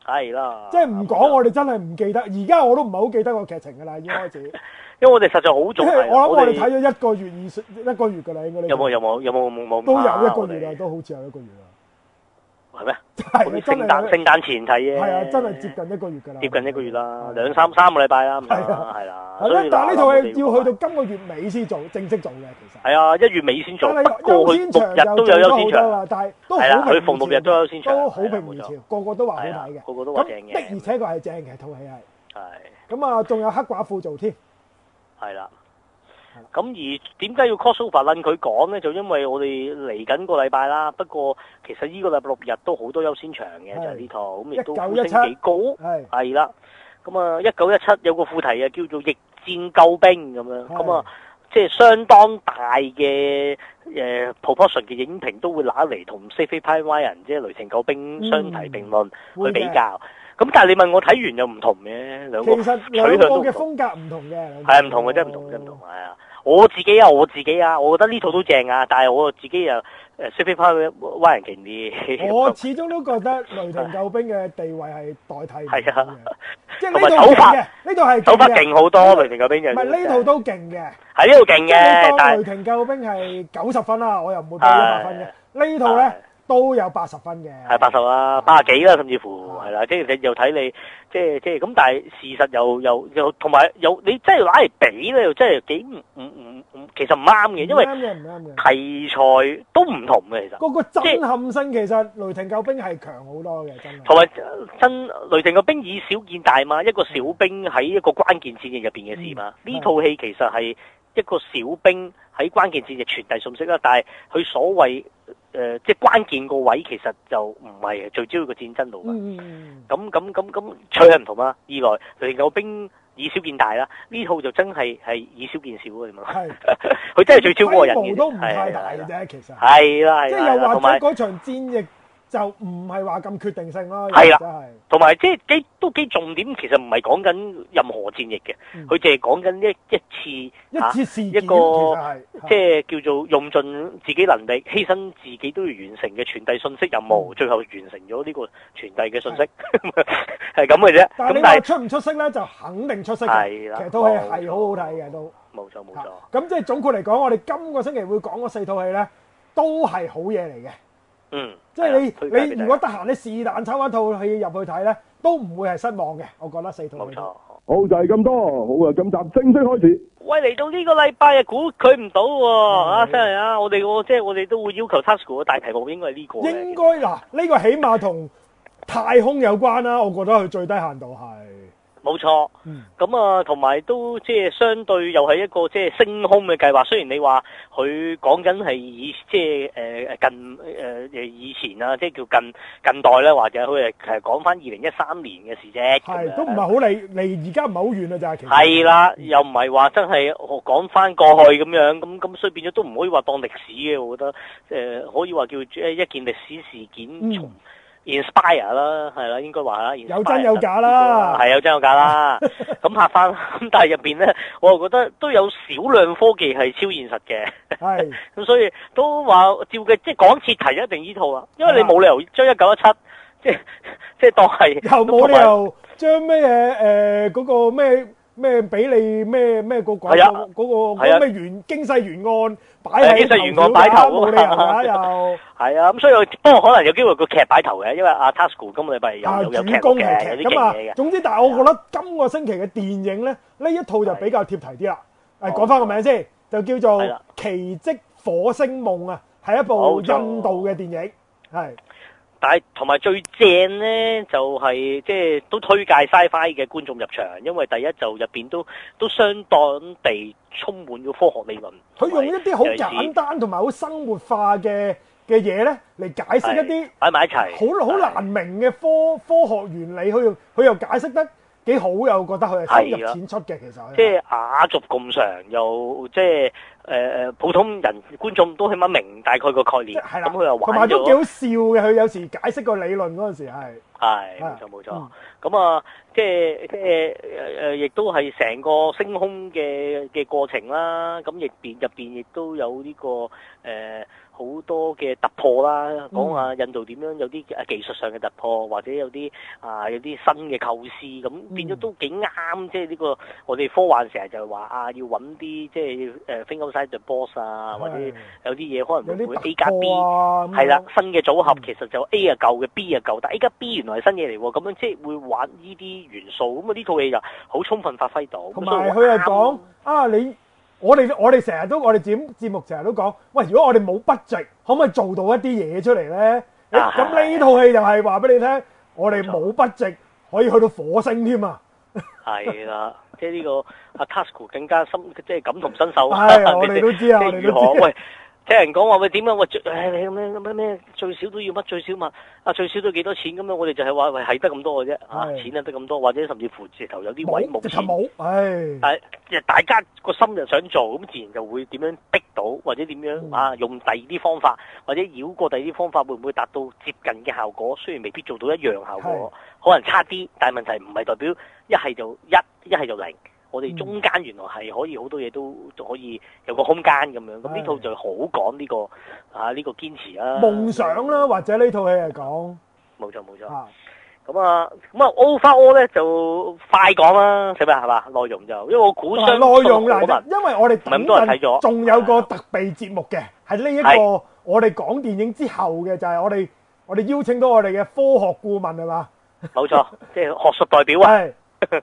係啦，即係唔講我哋真係唔記得，而家我都唔係好記得個劇情噶啦，已經開始。因為我哋實在好早，我諗我哋睇咗一個月，二十一個月噶啦，應該。有冇？有冇？有冇？冇冇。都有一個月啦，都好似係一個月啦。係咩？聖誕聖誕前提啫、啊，係啊，真係接近一個月噶啦，接近一個月啦，兩、啊、三三個禮拜啦，係啦、啊，係啦、啊啊。所以但呢套戲要去到今個月尾先做、啊、正式做嘅，其實係啊，一月尾先做，過做、啊、都日都有優先場啦，但係都好平，逢六日都有優先場，都好平、啊，個個都話好睇嘅、啊，個個都話正嘅，的而且確係正嘅，套戲係係，咁啊，仲有黑寡婦做添，係啦、啊。咁而點解要 cross over 攆佢講咧？就因為我哋嚟緊個禮拜啦。不過其實呢個禮拜六日都好多優先場嘅，就係、是、呢套，咁亦都升幾高，係啦。咁啊，一九一七有個副題啊，叫做《逆戰救兵》咁樣。咁啊，即係相當大嘅誒、呃、proportion 嘅影評都會拿嚟同《Saving Private Ryan》即係《雷霆救兵》相提並論、嗯、去比較。咁但係你問我睇完又唔同嘅兩個取向都兩個風格唔同嘅。係啊，唔同嘅真係唔同嘅唔同啊。我自己啊，我自己啊，我覺得呢套都正啊，但係我自己又誒，super power y 人勁啲。我始終都覺得雷霆救兵嘅地位係代替。係啊，即係你都。手法嘅呢套係手法勁好多，雷霆救兵嘅。唔係呢套都勁嘅，係呢套勁嘅，但係雷霆救兵係九十分啦，我又唔會俾一百分嘅、啊、呢套咧。啊都有八十分嘅，係八十啊，八十幾啦，甚至乎係啦，即係你又睇你，即係即係咁。但係事實又又又同埋又你真係攞嚟比咧，又真係幾唔唔唔其實唔啱嘅，因為題材都唔同嘅。其實嗰個震撼性，就係，其實雷霆救兵係強好多嘅，同埋真，真雷霆救兵以小見大嘛，一個小兵喺一個關鍵戰役入面嘅事嘛。呢、嗯、套戲其實係一個小兵喺關鍵戰役傳遞信息啦，但係佢所謂。誒，即係關鍵個位其實就唔係最主要個戰爭度啊！咁咁咁咁，取係唔同啦。二來嚟到兵以小見大啦，呢套就真係係以小見小啊！你明嘛？佢真係聚焦過人嘅，係係啦係啦，同埋嗰場戰役。就唔係話咁決定性咯，係啦，同埋即係幾都幾重點。其實唔係講緊任何戰役嘅，佢淨係講緊一一次嚇，一次試一個，即係叫做用盡自己能力，犧牲自己都要完成嘅傳遞信息任務。最後完成咗呢個傳遞嘅信息，係咁嘅啫。但係你話出唔出聲咧，就肯定出聲嘅，係啦。其實都係係好好睇嘅，都冇錯冇錯。咁即係總括嚟講，我哋今個星期會講嗰四套戲咧，都係好嘢嚟嘅。嗯，即係你是你如果得閒你是但抽一套戲入去睇咧，都唔會係失望嘅。我覺得四套冇錯，好就係、是、咁多，好啊，咁集正式開始。喂，嚟到呢個禮拜日估，佢唔到喎。啊，真係啊，我哋即係我哋都會要求 touch 股，大題目應該係呢個，應該嗱呢個起碼同太空有關啦。 我覺得佢最低限度係。冇錯，咁啊，同埋都即係相對又係一個即係升空嘅計劃。雖然你話佢講緊係以即係誒誒近誒誒、呃、以前啊，即係叫近近代咧，或者佢誒其實講翻二零一三年嘅事啫。係，都唔係好離離而家唔係好遠啊，就係。係啦，又唔係話真係講翻過去咁樣，咁咁所以變咗都唔可以話當歷史嘅。我覺得，誒、呃、可以話叫即係一件歷史事件從。嗯 inspire 啦，係啦，應該話啦，嗯，假啦，有真有假啦，係有真有假啦。咁拍翻咁，但係入邊咧，我又覺得都有少量科技係超現實嘅。咁 所以都話照嘅，即係講切題一定依套啦，因為你冇理由將一九一七，即係即係當係又冇理由將咩誒嗰個咩咩俾你咩咩、啊嗰個鬼嗰、嗰個嗰咩原經濟原案。擺頭，頭，冇理由又係 啊，咁所以不過可能有機會個劇擺頭嘅，因為阿 Tasuku 今個禮拜有主劇，有劇嘅。咁啊，總、嗯、之，但係我覺得今個星期嘅電影咧，呢一套就比較貼題啲啦。誒，講翻個名先，就叫做《奇蹟火星夢》啊，係一部印度嘅電影，係。但係同埋最正咧，就係即係都推介 Sci-Fi 嘅觀眾入場，因為第一就入面都都相當地充滿咗科學理論。佢用一啲好簡單同埋好生活化嘅嘅嘢咧，嚟解釋一啲擺埋一齊好好難明嘅科科學原理。佢又佢又解釋得幾好，又覺得佢係收入錢出嘅其實。即係雅俗共賞又即係。誒、呃、誒，普通人觀眾都起碼明白大概個概念，係啦，咁佢又玩咗，同埋都幾好笑嘅。佢有時解釋個理論嗰陣時係。係冇錯冇錯，咁啊、嗯嗯、即係即係誒誒，亦都係成個升空嘅嘅過程啦。咁亦邊入邊亦都有呢、這個誒好、呃、多嘅突破啦。嗯、講下印度點樣有啲技術上嘅突破，或者有啲啊有啲新嘅構思，咁變咗都幾啱、嗯。即係呢、這個我哋科幻成日就係話啊，要搵啲即係誒 think outside the box 啊，或者有啲嘢、嗯、可能會，不會、啊、A 加 B，係、啊、啦，新嘅組合、嗯、其實就 A 啊舊嘅 B 啊舊，但係 A 加 B 完。原來係新嘢嚟咁樣即係會玩呢啲元素，咁啊呢套戲就好充分發揮到。同埋佢係講啊，你我哋我哋成日都我哋節節目成日都講，喂，如果我哋冇 budget，可唔可以做到一啲嘢出嚟咧？咁呢套戲就係話俾你聽，我哋冇 budget 可以去到火星添、 這個、啊！係啦，即係呢個阿 Tasuku 更加深，即係感同身受。係、哎，我哋都知啊， 即係如何？聽人講話，喂，點樣喂最誒你咁樣咁樣咩最少都要乜最少嘛，啊最少都幾多錢咁樣，我哋就係話喂，係得咁多嘅啫啊，錢啊得咁多，或者甚至乎直頭有啲位冇，係係、哎啊、大家個心就想做，咁自然就會點樣逼到或者點樣啊？用第二啲方法或者繞過第二啲方法，會唔會達到接近嘅效果？雖然未必做到一樣效果，可能差啲，但係問題唔係代表一係就一，一係就零。我哋中間原來係可以好多嘢都可以有個空間咁樣，咁呢套就好講呢個啊呢、這個堅持、啊、夢啦，夢想啦或者套戲、啊啊啊、呢套戲嚟講，冇錯冇錯。咁啊咁啊，offer 咧就快講啦，係咪係嘛？內容就因為我估商內、就是、容啦，因為我哋咁多人睇咗。仲有個特備節目嘅，係呢一個我哋講電影之後嘅就係、是、我哋我哋邀請到我哋嘅科學顧問係嘛，冇錯，即係 學術代表啊。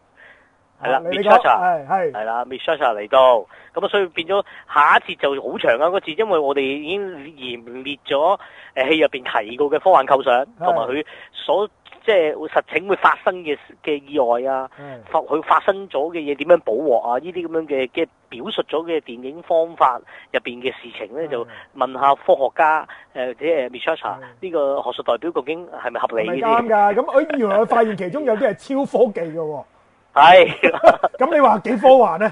係啦 MythSearcher 係係係啦 MythSearcher 嚟到，咁啊，所以變咗下一節就好長啊！嗰次，因為我哋已經嚴列咗誒戲入邊提過嘅科幻構想，同埋佢所即係會實情會發生嘅嘅意外啊，發佢發生咗嘅嘢點樣補鑊啊？呢啲咁樣嘅嘅表述咗嘅電影方法入邊嘅事情咧，就問下科學家誒、呃，即係 MythSearcher 呢個學術代表，究竟係咪合理？啱噶，咁原來我發現其中有啲係超科技喎。係，咁你話幾科幻咧？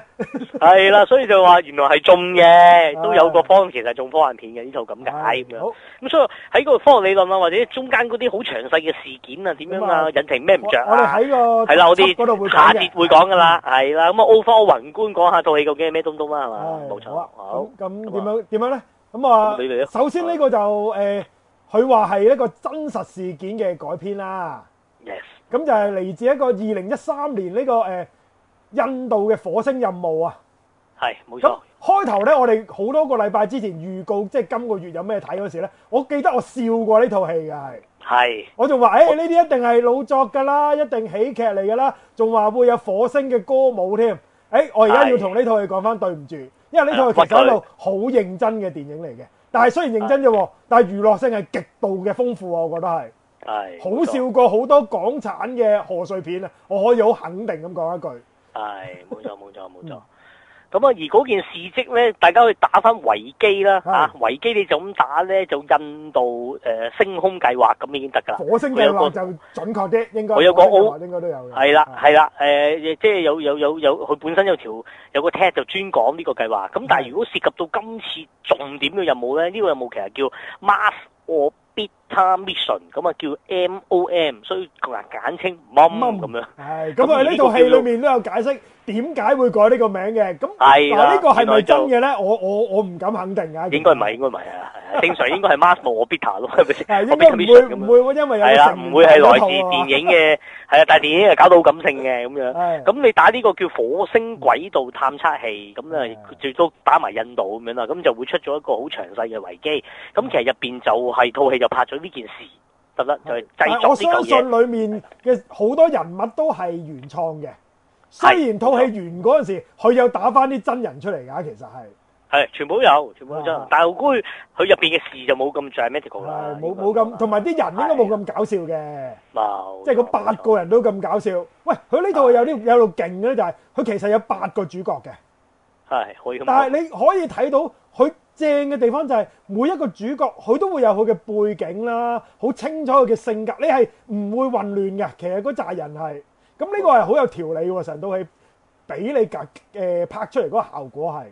係啦，所以就話原來係種嘅，都有個方，其實係種科幻片嘅呢套咁解咁樣。咁所以喺個科學理論啊，或者中間嗰啲好詳細嘅事件啊，點樣啊，引擎咩唔着啊？我哋喺個結束嗰度會講嘅。係啦，咁啊，overall 宏觀講下套戲究竟係咩東東啊？係嘛，冇錯。好，咁點樣點樣咧？咁啊，首先呢個就誒，佢話係一個真實事件嘅改編啦。咁就係嚟自一個二零一三年呢、呢個誒、欸、印度嘅火星任務啊，係冇錯。開頭呢，我哋好多個禮拜之前預告，即係今個月有咩睇嗰時呢？我記得我笑過呢套戲嘅，係，我就話誒呢啲一定係老作㗎啦，一定喜劇嚟㗎啦，仲話會有火星嘅歌舞添。誒、欸，我而家要同呢套戲講翻對唔住，因為呢套其實係一路好認真嘅電影嚟嘅。但係雖然認真啫，但係娛樂性係極度嘅豐富啊，我覺得係。係好笑過好多港產嘅賀歲片啊！我可以好肯定咁講一句，係冇錯冇錯冇錯。咁啊， 而嗰件事蹟咧，大家可以打翻維基啦吓，維基、啊、你就咁打咧，就印度誒、呃、星空計劃咁已經得噶啦火星計劃就準確啲，應該。我有講，我應該都有。係啦係啦，誒、呃，即係有有有有，佢本身有條有個 tag 就專講呢個計劃。咁但係如果涉及到今次重點嘅任務咧，呢、這個任務其實叫 m 馬我 Beta mission 咁啊叫 MOM，所以個人簡稱 mom 咁、嗯、樣。係、嗯，咁啊呢套戲裏面都有解釋。點解會改呢個名嘅？咁嗱，呢個係咪真嘅咧？我我我唔敢肯定啊。應該唔係，應該唔係啊。正常應該係 Mars Orbiter 咯，係咪先？唔會唔會，因為有係啦，唔會係來自電影嘅。係啊，但係電影又搞到好感性嘅咁樣。咁你打呢個叫火星軌道探測器，咁咧最多打埋印度咁樣啦，咁就會出咗一個好詳細嘅維基。咁其實入邊就係套戲就拍咗呢件事，得啦，就製作啲咁嘅。我相信裏面嘅好多人物都係原創嘅。雖然套戲完嗰陣時，佢有，有打返啲真人出嚟㗎，其實係係全部有，全部有真人。啊、但係居，佢佢入面嘅事就冇咁係 medical，冇冇咁，同埋啲人應該冇咁搞笑嘅。即係嗰八個人都咁搞笑。啊啊、喂，佢呢度有啲、啊、有度勁咧，就係、是、佢其實有八個主角嘅。係、啊、可以，但係你可以睇到佢正嘅地方就係、是、每一個主角佢都會有佢嘅背景啦，好清楚佢嘅性格。你係唔會混亂嘅，其實嗰扎人係，咁呢個係好有條理喎，成套戲俾你拍出嚟嗰個效果係，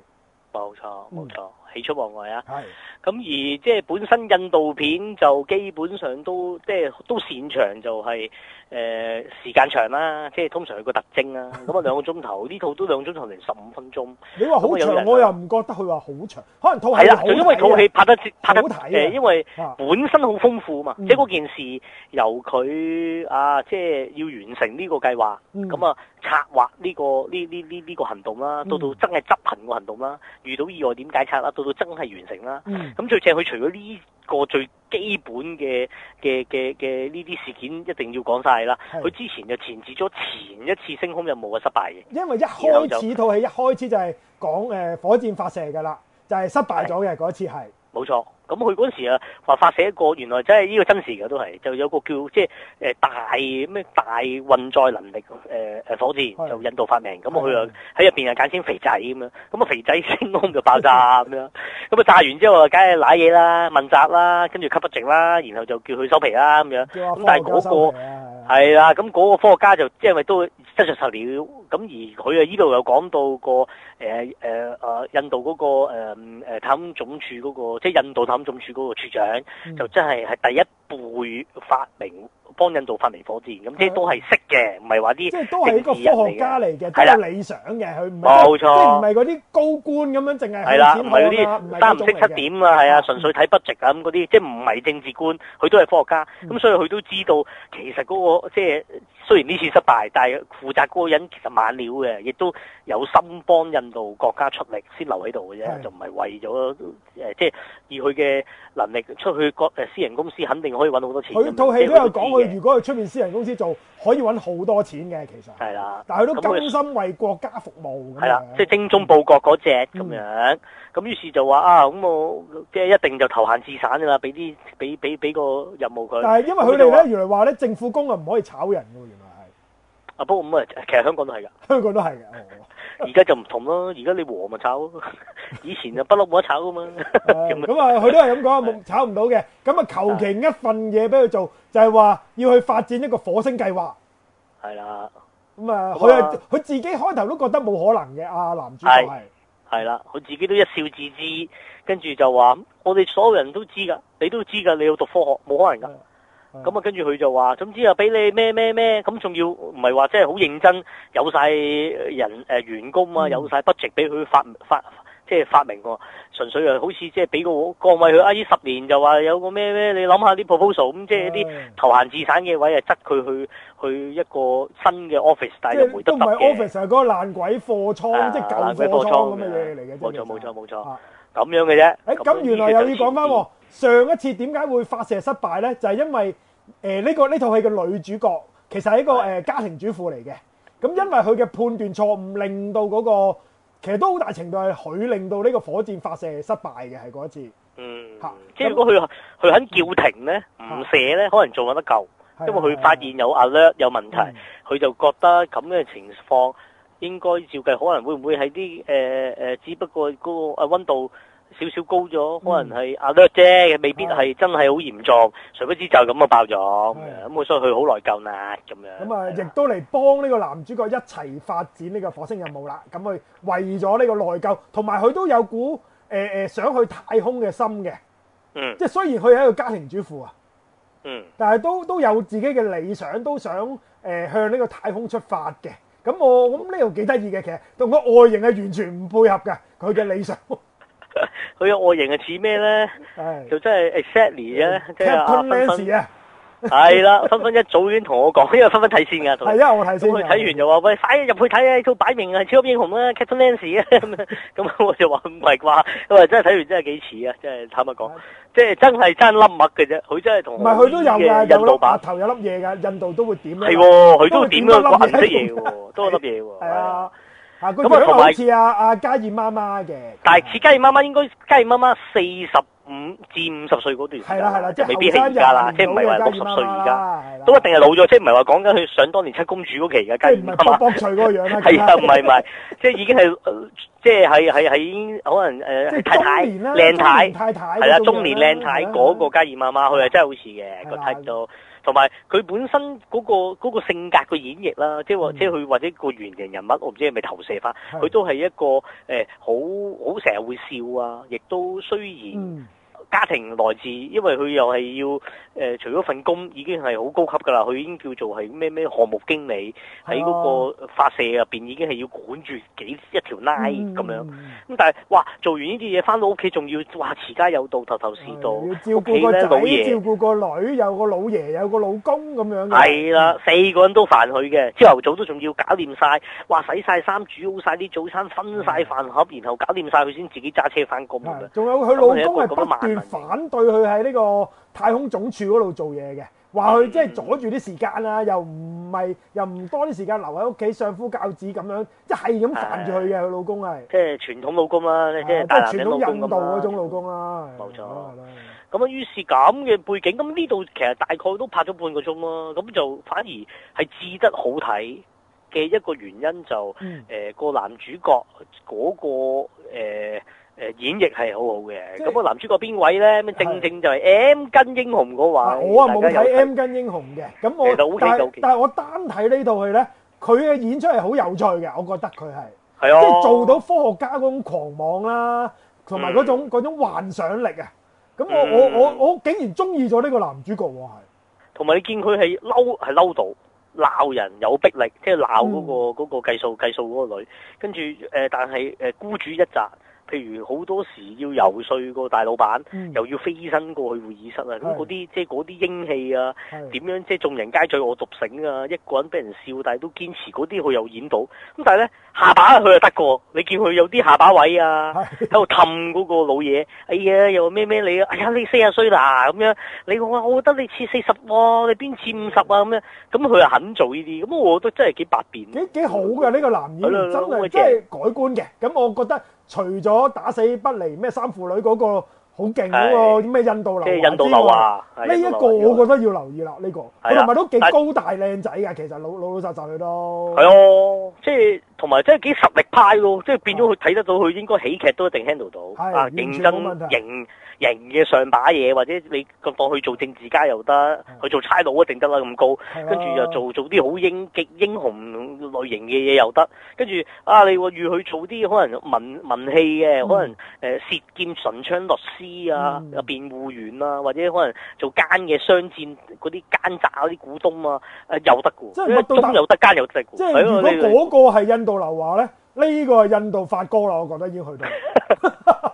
冇錯冇錯，喜出望外啊！係咁而即係本身印度片就基本上都即係都擅長就係、是。誒、呃、時間長啦、啊，即係通常佢個特徵啦、啊。咁 啊兩個鐘頭呢套都兩個鐘頭零十五分鐘。你話好長有我又唔覺得佢話好長。可能套戲、啊，係啦、啊，就因為套戲拍得拍得好睇、誒、啊呃，因為本身好豐富嘛。嗯、即係嗰件事由佢啊，即係要完成呢個計劃，咁、嗯、啊策劃呢、呢個呢呢呢呢個行動啦，到到真係執行個行動啦、嗯，遇到意外點解策啦，到到真係完成啦。咁、嗯、最正係佢除咗呢。個最基本嘅嘅嘅嘅呢啲事件一定要講晒啦。佢之前就前置咗前一次升空任務嘅失敗嘅，因為一開始套戲一開始就係講，誒火箭發射㗎喇，就係、是、失敗咗嘅嗰次係冇錯。咁佢嗰時時啊，話發射一個原來真係呢個真實嘅都係，就有個叫即係大咩大運載能力誒誒、呃、火箭，就印度發明。咁佢啊喺入邊啊簡稱肥仔咁樣，咁啊肥仔升空就爆炸咁 樣。咁啊炸完之後啊，梗係賴嘢啦，問責啦，跟住吸不淨啦，然後就叫佢收皮啦咁樣。咁但係、那、嗰個係啦，咁嗰、啊那個科學家就即係咪都失著受料？咁而佢啊呢度又講到個。誒誒啊！印度嗰、那個誒誒貪總署嗰、那個，即係印度貪總署嗰個處長，嗯、就真係係第一輩發明幫印度發明火箭，咁、嗯、即係都係識嘅，唔係話啲即係都係一個科學家嚟嘅，係啦，理想嘅，佢冇錯，即係唔係嗰啲高官咁樣，淨係係啦，唔係嗰啲三唔識七點啊，係啊，純粹睇筆直啊咁嗰啲，即係唔係政治官，佢都係科學家，咁、嗯嗯、所以佢都知道其實嗰、那個即係雖然呢次失敗，但係負責嗰個人其實猛料嘅，亦都有心幫印度國家出力，先留喺度嘅啫，係就唔係為咗誒即係以佢嘅能力出去國誒私人公司，肯定可以揾好多錢。佢套戲都有講，佢如果去出面私人公司做，可以揾好多錢嘅，其實。係啦。但係佢都甘心為國家服務。係啦，即係精忠報國嗰隻咁樣。咁於是就話啊，咁我即係一定就投閒置散啫嘛，俾啲俾俾俾個任務佢。但係因為佢哋咧，原來話咧，政府工啊唔可以炒人喎，原來係。啊，不過咁啊，其實香港都係㗎，香港都係㗎。而、哦、家就唔同咯，而家你和咪炒，以前就不嬲冇得炒噶嘛。咁 啊是的，佢都係咁講，炒唔到嘅。咁啊，求其一份嘢俾佢做，就係、是、話要去發展一個火星計劃。係啦。咁、嗯、啊，佢啊，佢自己開頭都覺得冇可能嘅。阿男主角係啦，佢自己都一笑置之，跟住就話，我哋所有人都知噶，你都知噶，你要讀科學冇可能噶咁、嗯、啊，跟住佢就話，總之啊，俾你咩咩咩，咁仲要唔係話即係好認真，有晒人誒員工啊，有晒 budget 俾佢發發。發發即係發明喎，純粹啊，好似即係俾個崗位佢。啊，呢十年就話有個咩咩，你諗下啲 proposal 咁，即係啲投閒置散嘅位啊，執佢去去一個新嘅 office，但係都唔係 office，係嗰個爛鬼貨倉，啊、即係爛鬼貨倉咁嘅嘢嚟嘅。冇錯，冇錯，冇錯，咁、啊、樣嘅啫。誒、欸，咁原來又要講翻喎。上一次點解會發射失敗咧？就係、是、因為呢、呃這個呢套戲嘅女主角其實係一個、呃、家庭主婦嚟嘅。咁因為佢嘅判斷錯誤，令到嗰個。其實都好大程度係佢令到呢個火箭發射失敗嘅，係嗰一次。嗯，即係如果佢佢肯叫停咧，唔射咧，可能仲有得救。嗯、因為佢發現有 alert 有問題，佢、嗯、就覺得咁嘅情況應該照計可能會唔會喺啲誒誒，只不過嗰個溫度。少少高咗，可能係阿姐啫，未必係真係好嚴重，嗯。誰不知就咁啊爆咗，咁、嗯、所以佢好內疚啦咁樣。咁啊亦都嚟幫呢個男主角一齊發展呢個火星任務啦。咁佢為咗呢個內疚，同埋佢都有股、呃、想去太空嘅心嘅。嗯，即係雖然佢係一個家庭主婦啊，嗯，但係都都有自己嘅理想，都想、呃、向呢個太空出發嘅。咁我咁呢度幾得意嘅，其實同個外形係完全唔配合嘅，佢嘅理想。佢 嘅外形係似咩咧？就真係 exactly 嘅、哎，即係阿芬芬。係、啊、啦，芬 芬一早已經同我講，因為芬芬睇先噶，同我睇先。睇完就話：喂，快入去睇啊！佢擺明係超級英雄啦，Captain Nance 啊！咁、啊、 我就話唔係啩？因為真係睇完真係幾似啊！真係坦白講、哎，即係真係爭粒物嘅啫。佢真係同唔係佢都有噶，有粒白頭有粒嘢噶，印度都會點。係喎，佢都點咗啲嘢，都多粒嘢。係、那、啊、個。 啊！同埋似阿阿家燕媽媽嘅，但係似家燕媽媽應該家燕媽媽四十五至五十歲嗰段時間，係啦係啦，即係未必係而家啦，即係唔係話六十歲而家，都一定係老咗，即係唔係話講緊佢想當年七公主嗰期嘅家燕媽媽，係啊，唔係唔係，即係已經係即係係可能太太，靚太太係啦，中年靚太嗰個家燕媽媽，佢係真係好似嘅個態度。同埋佢本身嗰個嗰個性格嘅演繹啦，即係話即係佢或者個原型人物，我唔知係咪投射翻，佢都係一個誒，好好成日會笑啊，亦都雖然。家庭來自，因為佢又係要誒、呃，除咗份工已經係好高級噶啦，佢已經叫做係咩咩項目經理喺嗰、啊、個發射入邊已經係要管住幾一條 line 咁、嗯、樣。咁但係哇，做完呢啲嘢翻到屋企仲要哇，持家有道頭頭是道。嗯、要照顧個仔，照顧個女，有個老爺，有個老公咁樣。係啦，四個人都煩佢嘅，朝頭早都仲要搞掂晒，哇，洗晒衫，煮好晒啲早餐，分晒飯盒、嗯，然後搞掂晒佢先自己揸車翻工，仲有佢老公反對佢喺呢個太空總署嗰度做嘢嘅，話佢即係阻住啲時間啦，又唔係又唔多啲時間留喺屋企相夫教子咁樣，即係咁煩住佢嘅。佢老公係即係傳統老公啊，即係大男人老公㗎嘛。傳統印度嗰種老公啦，冇錯。咁啊，於是咁嘅背景，咁呢度其實大概都拍咗半個鐘啦，咁就反而係至得好睇嘅一個原因就誒、係、個、嗯呃、男主角嗰、嗰個、呃誒，演繹係好好嘅，咁個男主角邊位咧？咁正正就係 M 巾英雄嗰位。我啊冇睇 M 巾英雄嘅，咁我但係但係我單睇呢套戲咧，佢嘅演出係好有趣嘅，我覺得佢係，即係做到科學家嗰種狂妄啦，同埋嗰種嗰種幻想力啊！咁我我我我竟然中意咗呢個男主角，係。同埋你見佢係嬲，係嬲到鬧人有迫力，即係鬧嗰個嗰個計數計數嗰個女，跟住誒，但係誒孤注一擲。譬如好多時要游説個大老闆，嗯、又要飛身過去會議室啊！咁嗰啲即係嗰啲英氣啊，點、嗯、樣即係眾人皆醉我獨醒啊，一個人俾人笑但係都堅持嗰啲佢又演到，咁但係咧。下巴佢就得個，你見佢有啲下巴位啊，喺度氹嗰個老嘢。哎呀，又咩咩你？哎呀，你四呀衰啦咁樣。你我我覺得你似四十喎、哦，你邊似五十啊咁樣？咁佢又肯做呢啲咁，我覺得真係幾百變幾幾好噶呢、呢個男演員真係改觀嘅。咁我覺得除咗打死不離咩三婦女嗰、嗰個好勁嗰個咩印度流之外？呢一、呢個我覺得要留意啦。呢、呢個佢同埋都幾高大靚仔啊，其實老老老實實去都係咯，即同埋即係幾實力派咯、啊，即係變咗佢睇得到佢應該喜劇都一定 handle 到，啊，認型型嘅上把嘢，或者你當當佢做政治家又得，佢做差佬一定得啦咁高，跟住又做做啲好英英雄類型嘅嘢又得，跟住啊，你話要佢做啲可能文文氣嘅、嗯，可能、呃、舌劍唇槍律師啊、辯、嗯、護員啊，或者可能做奸嘅商戰嗰啲奸詐嗰啲股東啊，又、啊、得嘅，中有得奸又得嘅。即嗰、嗰個係印度。到劉華咧，呢，呢個係印度發哥啦，我覺得已經去到 。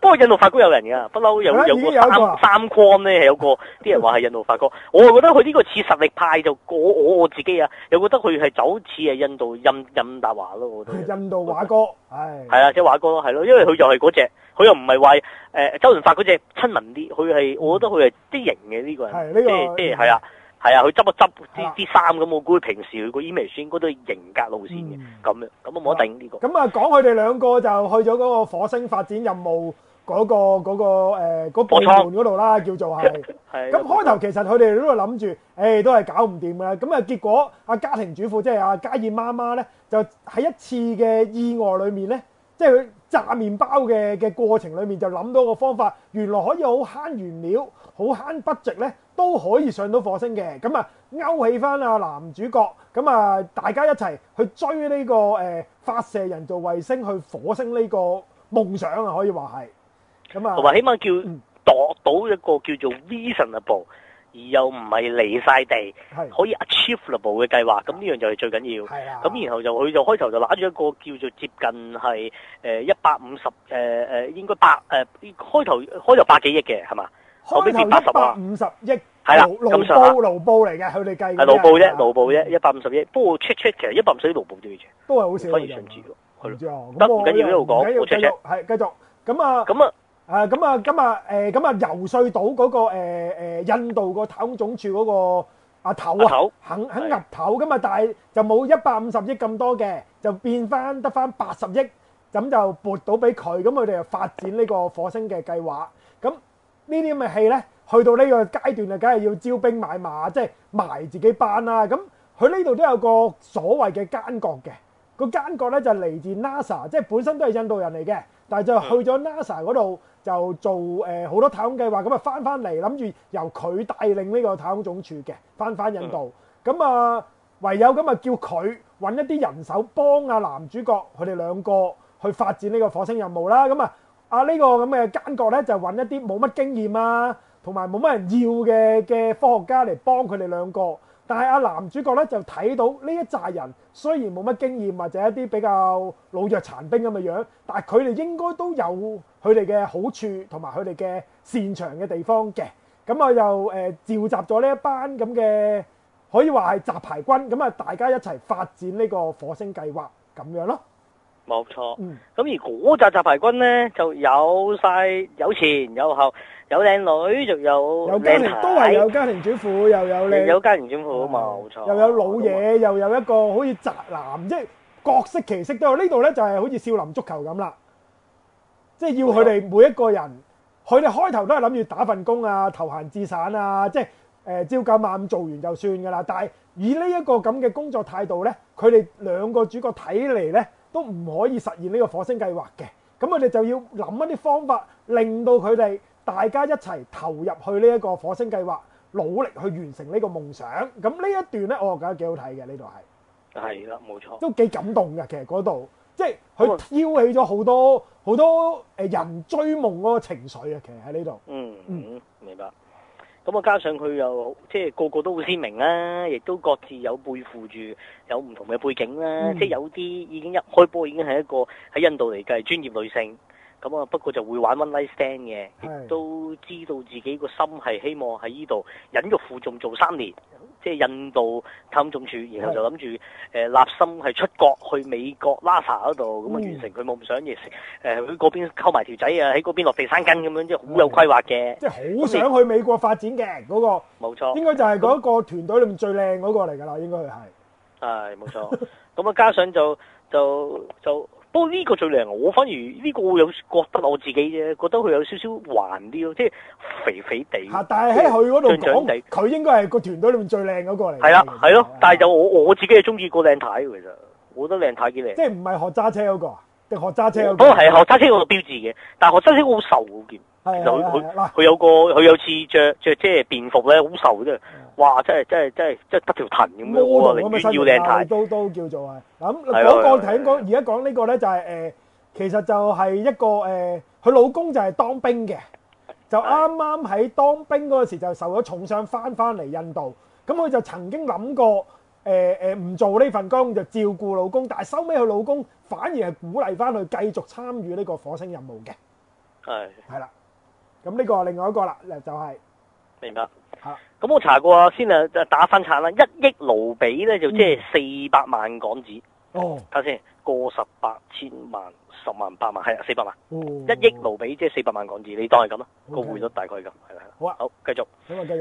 不過印度發哥有人嘅，不嬲有有個三三框咧，有個啲 人話係印度發哥， 我係覺得佢呢個似實力派就我我我自己啊，又覺得佢係走似係印度印任達華咯，我覺得佢。 印度華哥，唉， 係、就、啊、係，即係華哥咯，係咯，因為佢就係嗰隻，佢又唔係話誒周潤發嗰隻親民啲，佢係我覺得佢係啲型嘅呢個人，即係啊。 係啊，佢執一執啲啲衫咁，我估佢平時佢個 email 應該都係型格路線嘅，咁樣咁啊，唔好定呢個。咁啊，講佢哋兩個就去咗嗰個火星發展任務嗰個嗰個誒嗰部門嗰度啦，叫做係。係。咁開頭其實佢哋都係諗住，誒都係搞唔掂㗎。咁啊，結果阿家庭主婦即係阿家燕媽媽咧，就喺一次嘅意外裡面咧，即係佢炸麵包嘅嘅過程裡面就諗到個方法，原來可以好慳原料，好慳 budget 咧。都可以上到火星嘅，咁啊勾起翻啊男主角，咁啊大家一齊去追呢、這個誒、呃、發射人造衛星去火星呢個夢想啊，可以話係，咁啊同埋起碼叫、嗯、度,度到一個叫做 reasonable 而又唔係離晒地，係可以 achievable 嘅計劃，咁呢樣就係最緊要。係啊，咁然後就佢就開頭就揦住一個叫做接近係誒一百五十誒誒應該百誒開頭開頭百幾億嘅係嘛？開頭一百五十億係啦，盧布盧布嚟嘅，佢哋計係盧布啫，盧布啫，一百五十億，不過出出其實一百五十億使盧布多嘅，都係好少嘅。翻而上注咯，係、嗯、咯。得唔緊要，一路講，我繼續係繼續。咁啊咁啊，誒咁啊，咁啊，誒咁啊，遊說到嗰個誒誒印度個太空總署嗰個阿頭啊，肯肯岌頭咁啊，但係就冇一百五十億咁多嘅，就變翻得翻八十億，咁就撥到俾佢，咁佢哋就發展呢個火星嘅計劃。呢啲咁嘅戲呢，去到呢個階段啊，梗係要招兵買馬，即係埋自己班啦。咁佢呢度都有個所謂嘅奸角嘅個奸角呢，就嚟自 NASA，即係本身都係印度人嚟嘅，但係就去咗 NASA 嗰度就做誒好多太空計劃。咁啊翻翻嚟，諗住由佢帶領呢個太空總署嘅翻翻印度。咁啊唯有咁啊叫佢揾一啲人手幫阿男主角佢哋兩個去發展呢個火星任務啦。咁啊～啊！這個、這呢個咁嘅間隔咧，就揾一啲冇乜經驗啊，同埋冇乜人要嘅嘅科學家嚟幫佢哋兩個。但係阿、啊、男主角咧就睇到呢一紮人雖然冇乜經驗或者一啲比較老弱殘兵咁嘅樣，但係佢哋應該都有佢哋嘅好處同埋佢哋嘅擅長嘅地方嘅。咁我就誒、呃、召集咗呢一班咁嘅可以話係雜牌軍，咁啊大家一齊發展呢個火星計劃咁樣咯。冇錯，咁而嗰紮雜牌軍咧，就有晒有前有後，有靚女，仲有有家庭，都係有家庭主婦，又有有家庭主婦冇錯，又有老嘢，又有一個好似宅男，即係各色其色都有。呢度咧就係好似少林足球咁啦，即係要佢哋每一個人，佢哋，嗯，開頭都係諗住打份工啊，投閒自散啊，即係誒朝九晚五做完就算噶啦。但係以呢一個咁嘅工作態度咧，佢哋兩個主角睇嚟咧。都唔可以實現呢個火星計劃嘅，咁我哋就要諗一啲方法，令到佢哋大家一齊投入去呢一個火星計劃，努力去完成呢個夢想。咁呢一段呢，我覺得幾好睇嘅，呢度係係啦，冇錯，都幾感動㗎。其實嗰度即係佢挑起咗好多好多誒人追夢嗰個情緒啊！其實喺呢度，嗯嗯，明白。咁啊，加上佢又即係個個都好鮮明啦、啊，亦都各自有背負住有唔同嘅背景啦、啊，嗯、即係有啲已經一開波已經係一個喺印度嚟計，係專業女性，咁啊不過就會玩 one night stand 嘅，亦都知道自己個心係希望喺呢度忍辱負重做三年。即係印度探眾處，然後就諗住誒立心係出國去美國拉薩嗰度，咁啊，完成佢夢、嗯、想嘅食誒，去、呃、嗰邊溝埋條仔啊，喺嗰邊落地生根咁樣，即係好有規劃嘅、嗯。即係好想去美國發展嘅嗰、嗰個，冇、okay, 錯應該就係嗰一個團隊裏面最靚嗰、嗰個嚟㗎啦，應該係。係、嗯、冇錯，咁啊，加上就就就。就不過呢個最靚，我反而呢個會有覺得我自己啫，覺得佢有少少橫啲咯，即係肥肥地。但係喺佢嗰度講，佢應該係個團隊裏面最靚嗰個嚟。係啦，係咯，但係就我我自己係中意個靚太其實，我覺得靚太幾靚。即係唔係學揸車嗰個啊？定學揸車嗰個？不過係學揸車嗰個標誌嘅，但係學揸車好瘦，見其實佢佢佢有個佢有次着着即係便服咧，好瘦。哇！真係真係真係，即係得條藤咁樣啊！要靚睇，都都叫做啊。咁講個係咁講，而家講呢個咧就係誒，其實就係一個誒，佢老公就係當兵嘅，就啱啱喺當兵嗰時就受咗重傷，翻翻嚟印度。咁佢就曾經諗過誒誒，唔做呢份工就照顧老公，但係收尾佢老公反而係鼓勵翻佢繼續參與呢個火星任務嘅。係係啦，咁呢個係另外一個啦，就係，明白吓。咁我查過啊，先啊打分差啦，一億盧比咧就即係四百萬港紙，嗯。哦，睇先，過十八千萬、十萬、八萬，係四百萬。一億盧比即係四百萬港紙，你當係咁啦個匯率大概咁，係啦。好啊，好，繼續。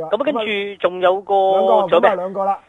咁跟住仲有個，咁啊，兩個啦。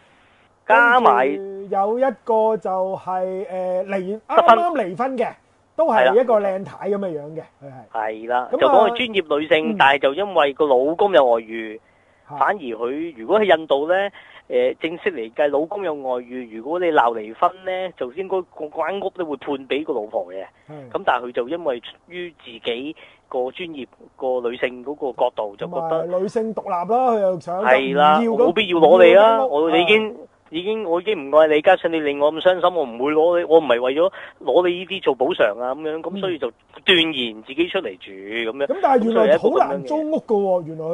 跟住有一個就係誒離啱啱離婚嘅，都係一個靚太咁嘅樣嘅，係係啦，就講係專業女性，嗯、但係就因為個老公有外遇。反而佢如果喺印度咧，誒正式嚟計老公有外遇，如果你鬧離婚咧，就應該個間屋都會判俾個老婆嘅。咁但係佢就因為出於自己個專業個女性嗰個角度，就覺得女性獨立啦，佢又想冇必要攞你啦！我哋已經。已經，我已經唔愛你，加上你令我咁傷心，我唔會攞你，我唔係為咗攞你呢啲做補償啊咁樣，咁所以就斷言自己出嚟住咁樣。咁但係原來好難租屋噶喎，原來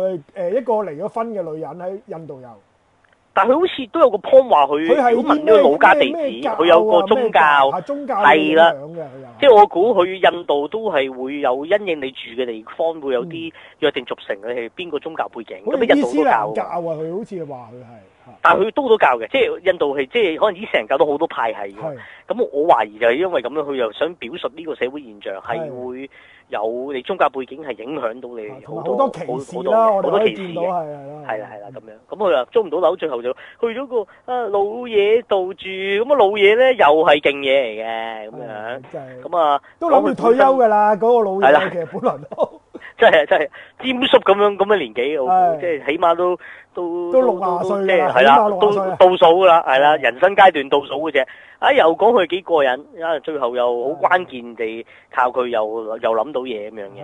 佢一個離咗婚嘅女人喺印度遊。但係佢好似都有個 point，佢問呢個老家地址？佢、啊、有個宗教，宗教係啦，即係、就是、我估佢印度都係會有因應你住嘅地方，嗯、會有啲約定俗成你係邊個宗教背景。佢俾印度教教啊，佢好似話佢係。但係佢都都教嘅，即係印度係即係可能以前教到好多派系嘅。咁我懷疑就係因為咁樣，佢又想表述呢個社會現象係會有你宗教背景係影響到你好多，、啊、多歧視啦，視我哋可以見到係啦，係啦係啦咁樣。咁佢話租唔到樓，最後就去咗個啊老嘢度住。咁啊老嘢咧又係勁嘢嚟嘅咁樣咁啊都諗住退休㗎啦，嗰、嗰個老嘢其實本來都。 即係即係尖叔咁樣咁嘅年紀，即係起碼都都都六十歲啦，係啦，都倒數噶啦，係啦，人生階段倒數嘅啫。啊，又講佢幾過癮，啊，最後又好關鍵地靠佢又又諗到嘢咁樣嘅。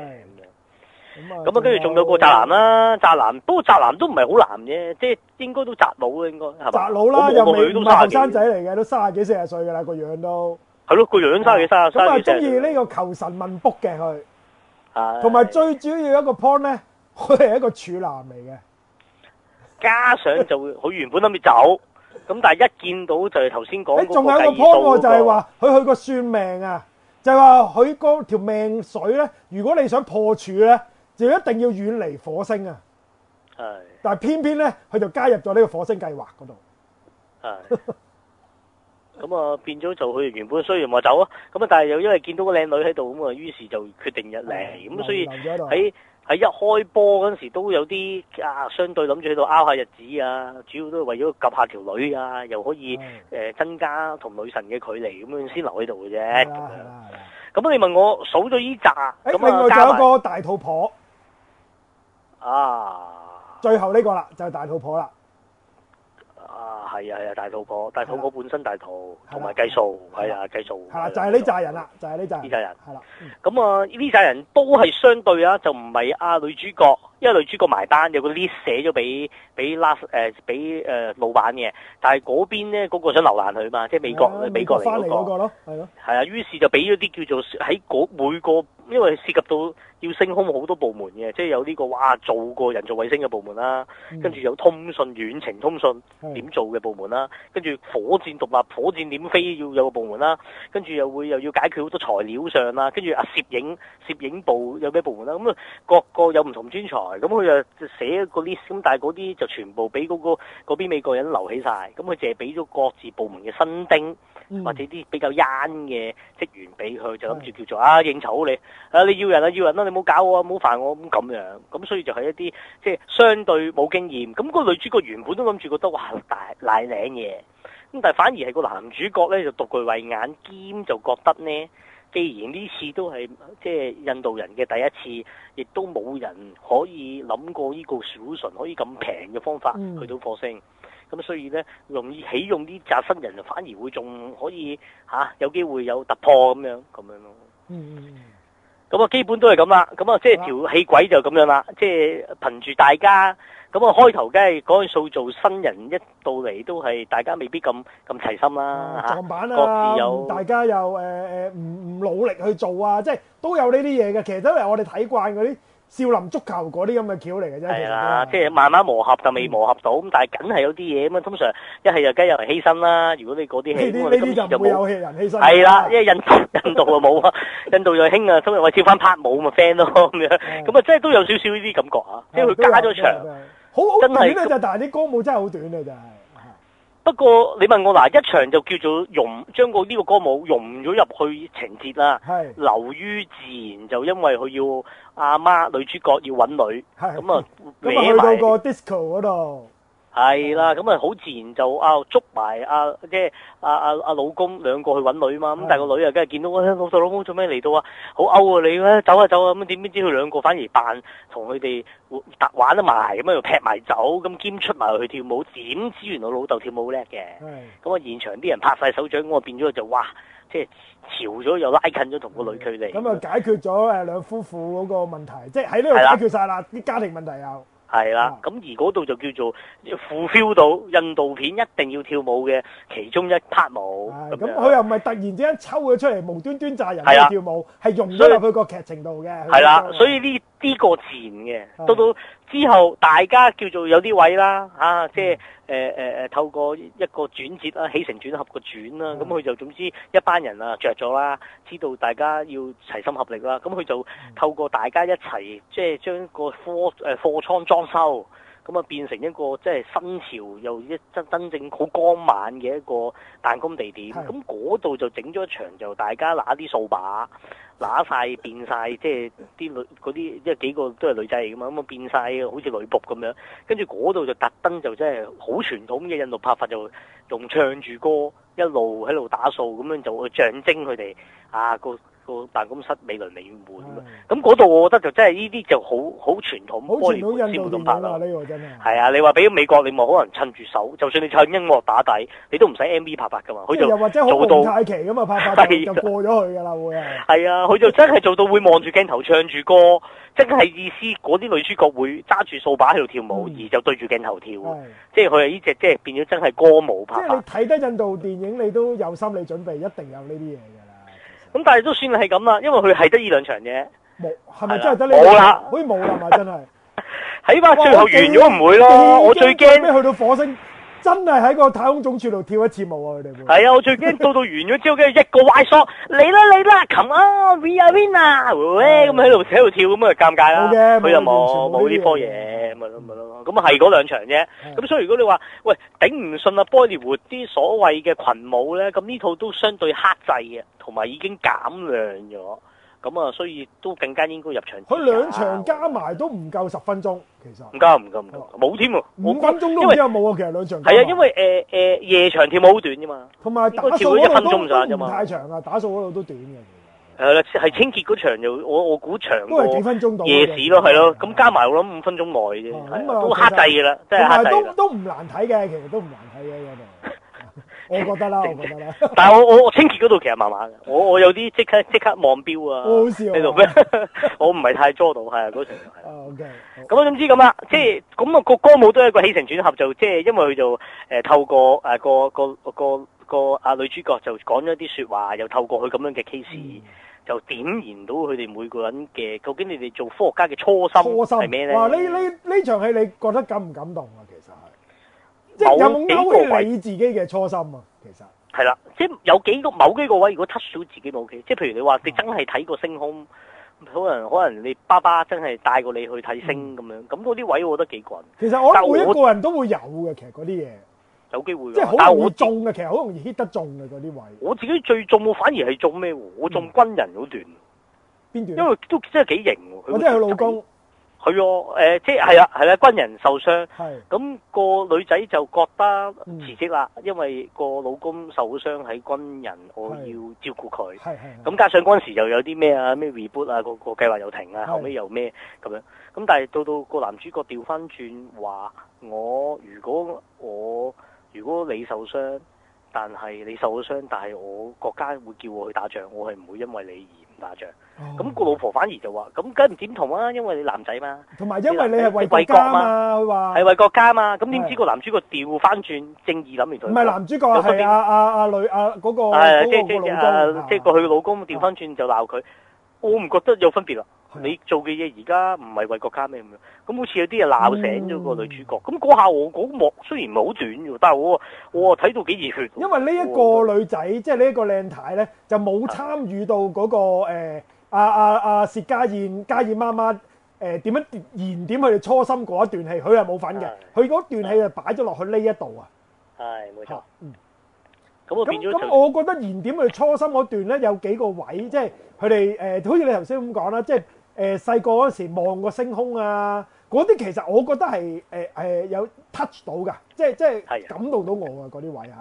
咁啊，咁啊，跟住仲有個宅男啦，宅男，男，不過宅男都唔係好男啫，即係應該都宅佬啦，應該係宅佬啦，又未都生仔嚟嘅，都三十幾，三十幾四十歲噶啦，個樣都係咯，個樣三十幾三十幾三十幾，中意呢個求神問卜嘅佢。同埋最主要的一個 point 咧，佢係一個處男嚟嘅，加上就佢原本諗住走，咁 但係一見到就係頭先講，你仲有個 point 就係話佢去過算命啊，就話佢嗰條命水咧，如果你想破處咧，就一定要遠離火星啊。係 但係偏偏咧，佢就加入咗呢個火星計劃嗰度。係。咁啊，變咗就佢原本雖然話走啊，咁啊，但係又因為見到個靚女喺度咁啊，於是就決定入嚟咁，所以喺喺一開波嗰陣時都有啲啊，相對諗住喺度拗下日子啊，主要都係為咗及下條女啊，又可以誒、嗯呃、增加同女神嘅距離咁樣先留喺度嘅啫。咁你問我數咗依紮咁，另外仲有個大肚婆啊，最後呢個啦，就係、是、大肚婆啦。啊係啊係啊，大肚婆，大肚婆本身大肚，同埋計數，係啊計數。就係呢扎人啦，就係呢扎人。呢扎人係啦。咁啊，呢扎人都係相對啊，就唔係啊女主角，因為女主角埋單，有個 list 寫咗俾俾 last 誒，俾誒、呃、老闆嘅。但係嗰邊咧，嗰、嗰個想留難佢嘛，即係美國美國嚟嗰、嗰個。係咯、嗰個。係啊，於是，是就俾咗啲叫做喺每個，因為涉及到要升空好多部門嘅，即係有呢、呢個哇，做過人造衛星嘅部門啦，跟、嗯、住有通訊遠程通訊點做嘅。部門啦、啊，跟住火箭同埋，火箭點飛要有個部門啦、啊，跟住又會又要解決好多材料上啦、啊，跟住啊攝影攝影部有咩部門啦、啊，咁啊各個有唔同專才，咁佢就寫一個 list，咁但係嗰啲就全部俾嗰，嗰個邊美國人留起晒，咁佢淨係俾咗各自部門嘅新丁、嗯、或者啲比較 y 嘅職員俾佢，就諗住叫做、嗯、啊應酬你，啊你要人啊要人啦，啊，你冇搞我，冇煩我咁咁樣，咁所以就係一啲即係相對冇經驗，咁，個女主角原本都諗住覺得哇大，大領嘢，咁但係反而係個男主角咧就獨具慧眼，兼就覺得呢，既然呢次都係即係印度人嘅第一次，亦都冇人可以諗過呢個 solution 可以咁平嘅方法去到火星，咁、嗯、所以呢，容易起用啲扎新人，反而會仲可以吓、啊、有機會有突破咁樣咁樣咯。嗯，咁啊，基本都係咁啦，咁啊，即係條氣軌就咁樣啦，即係憑住大家。咁啊，開頭梗係講起塑造新人，一到嚟都係大家未必咁咁齊心啦，撞板啦，各自有，大家又誒誒唔唔努力去做啊，即係都有呢啲嘢嘅。其實都係我哋睇慣嗰啲少林足球嗰啲咁嘅橋嚟嘅啫。係啦，即係慢慢磨合就未磨合到，咁但係梗係有啲嘢咁啊。通常一係就梗係有人犧牲啦。如果你嗰啲戲咁啊，今次就冇人犧牲。係啦，因為印度印度啊冇啊，印度又興啊，所以咪跳翻拍舞咪 friend 咯咁樣。咁啊，即係都有少少呢啲感覺啊，即係佢加咗場。好，好，真係，但係啲歌舞真係好短啊！就係。不過你問我嗱，一場就叫做融將個呢個歌舞融咗入去情節啦，流於自然就因為佢要阿、啊、媽女主角要揾女，咁啊你咁啊去到個 disco 嗰度。係啦，咁啊好自然就捉啊捉埋啊即係啊啊，啊，啊老公兩個去搵女嘛，咁但係個女啊梗係見到啊老豆老公做咩嚟到啊，好嬲啊你咧、啊，走啊走啊，咁點知知佢兩個反而扮同佢哋搭玩得埋，咁又劈埋走，咁兼出埋去跳舞，點知原來老豆跳舞叻嘅，咁啊現場啲人拍晒手掌，我變咗就哇，即係潮咗又拉近咗同個女距離。咁啊解決咗誒兩夫婦嗰個問題，即係喺呢度解決晒啦啲家庭問題又。係啦，咁、啊、而嗰度就叫做 feel 到印度片一定要跳舞嘅其中一 part 舞，咁佢又唔係突然之間抽佢出嚟，無端端炸人係啊、跳舞，係融入入去個劇情度嘅，係啦，所以呢啲個自然嘅、啊、都到。之後，大家叫做有啲位啦，嚇、啊，即係誒誒透過一個轉折啦，起承轉合個轉啦，咁佢就總之一班人啊着咗啦，知道大家要齊心合力啦，咁佢就透過大家一齊即係將個貨誒、呃、貨倉裝修，咁啊變成一個即係新潮又一真真正好光猛嘅一個辦公地點，咁嗰度就整咗場就大家拿啲掃把。揦晒變晒，即係啲女嗰啲即係幾個都係女仔嚟㗎嘛，咁啊變晒，好似女僕咁樣。跟住嗰度就特登就真係好傳統嘅印度拍法，就用唱住歌一路喺度打掃，咁樣就象徵佢哋啊個那個辦公室美輪美滿咁，嗰度我覺得就真係呢啲就好好傳統，先會咁拍咯。係啊，這個、真你話俾美國，你冇可能襯住手，就算你襯音樂打底，你都唔使 M V 拍拍噶嘛。佢就做到蒙太奇咁拍，拍就，就過咗去㗎啦會。係啊，佢就真係做到會望住鏡頭唱住歌， 真係意思嗰啲女主角會揸住掃把喺度跳舞、嗯，而就對住鏡頭跳。即係佢係呢隻即係變咗真係歌舞拍，拍。即係你睇得印度電影，你都有心理準備，一定有呢啲嘢。咁但係都算係咁啦，因為佢係得呢兩場嘅冇，係咪真係得呢冇啦，可以冇啦嘛， 真係喺翻最後完咗唔會咯，我最驚去到火星。真係喺個太空總署度跳一次舞啊！佢哋係啊，我最驚到到完咗之後，跟住一個壞索嚟啦嚟啦琴啊 come on we are winner，喂咁喺度喺度跳咁咪尷尬啦。佢又冇冇呢科嘢咁咪咯，咁啊係嗰兩場啫。咁、嗯、所以如果你話喂頂唔順啊，波利活啲所謂嘅群舞咧，咁呢套都相對克制嘅，同埋已經減量咗。咁啊，所以都更加應該入場。佢兩場加埋都唔夠十分鐘，其實唔夠，唔夠，唔夠，冇添喎，五分鐘都只有冇啊！其實兩場係啊，因為誒誒夜場跳舞好短啫嘛，同埋打掃嗰度都唔太長啊，打掃嗰度都短嘅。係啦，係清潔嗰場就我我估長，都係幾分鐘到夜市咯，係咯。咁加埋我諗五分鐘內啫，都剋制嘅啦，真係剋制。同埋都都唔難睇嘅，其實都唔難睇嘅。我覺得啦，我覺得啦 但係我我清潔嗰度其實麻麻嘅，我我有啲即刻即刻望表啊！ 這裡 我好笑喎，你做咩？我唔係太捉到，係啊嗰場，就是。哦、uh,，OK。咁啊，總之咁啦，即係咁啊個歌舞都係一個起承轉合，就即、是、係因為佢就誒、呃、透過誒、啊、個個個個阿女主角就講咗啲說話，又透過佢咁樣嘅 case、嗯、就點燃到佢哋每個人嘅究竟你哋做科學家嘅初心係咩咧？哇！呢呢呢、啊、場戲你覺得感唔感動啊？有幾個位自己嘅初心啊，其實係啦，即係有幾個某幾個位，有有幾個幾個位，如果 touch 到自己冇嘅，即係譬如你話你真係睇過星空，可、嗯、能可能你爸爸真係帶過你去睇星咁、嗯、樣，咁嗰啲位我覺得幾人。其實我每一個人都會有嘅，其實嗰啲嘢有機會。即係好容易中嘅，其實好容易 hit 得中嘅嗰啲位。我自己最中反而係中咩？我中軍人嗰段。邊、嗯、段？因為都真係幾型喎。我即係老公。佢喎、啊呃，即係係啦，係啦、啊啊，軍人受傷，咁、個女仔就覺得辭職啦、嗯，因為個老公受咗傷喺軍人，我要照顧佢，咁加上嗰陣時又有啲咩啊，咩 reboot 啊，個計劃又停啊，後尾又咩咁樣，咁但係到到個男主角調翻轉話，我如果我如果你受傷，但係你受咗傷，但係我國家會叫我去打仗，我係唔會因為你而。誇、嗯、張、咁個老婆反而就話，咁梗唔點同啊，因為你男仔嘛。同埋因為你係為為國嘛，佢話係為國家嘛，咁點知個男主角調翻轉，正義諗完就唔係男主角別啊，係阿阿阿女啊嗰，那個好好老公。即係個佢老公調翻轉就鬧佢、啊，我唔覺得有分別啦。你做嘅嘢而家唔係為國家咩咁樣？咁好似有啲嘢鬧醒咗個女主角。咁嗰下我嗰幕雖然唔係好短嘅，但係我我睇到幾熱血。因為呢一個女仔，即係呢一個靚太咧，就冇參與到嗰個誒阿阿阿薛家燕家燕媽媽誒點樣燃點佢哋初心嗰一段戲，佢係冇份嘅。佢嗰段戲就擺咗落去呢一度啊。係冇錯。咁咁咁，我覺得燃點佢初心嗰段咧有幾個位，即係佢哋誒，好似你頭先咁講啦，即係。誒細個嗰時望過星空啊，嗰啲其實我覺得係誒、呃、有 touch 到㗎，即係即係感動到我啊！嗰啲位係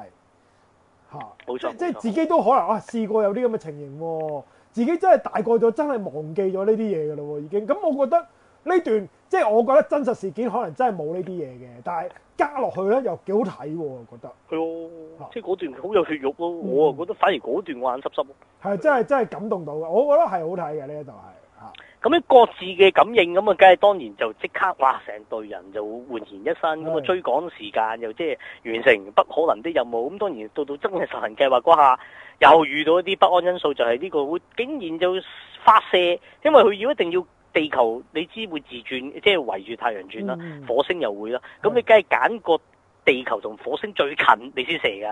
嚇、冇錯、啊，即係自己都可能啊試過有啲咁嘅情形喎、啊，自己真係大個咗真係忘記咗呢啲嘢㗎喇喎，已經咁我覺得呢段即係我覺得真實事件可能真係冇呢啲嘢嘅，但係加落去咧又幾好睇喎、啊，覺得係、哦啊、即係嗰段好有血肉咯、啊嗯，我啊覺得反而嗰段我眼濕濕係、啊、真係真係感動到嘅，我覺得係好睇嘅呢一度係。咁你各自嘅感應咁啊，梗係當然就即刻哇！成隊人就煥然一新咁啊，追趕時間又即係完成不可能啲任務咁當然到到真係執行計劃嗰下，又遇到一啲不安因素，就係、是、呢個會竟然就發射，因為佢要一定要地球，你知會自轉即係圍住太陽轉啦，火星又會啦。咁你梗係揀個。地球同火星最近，你先射噶，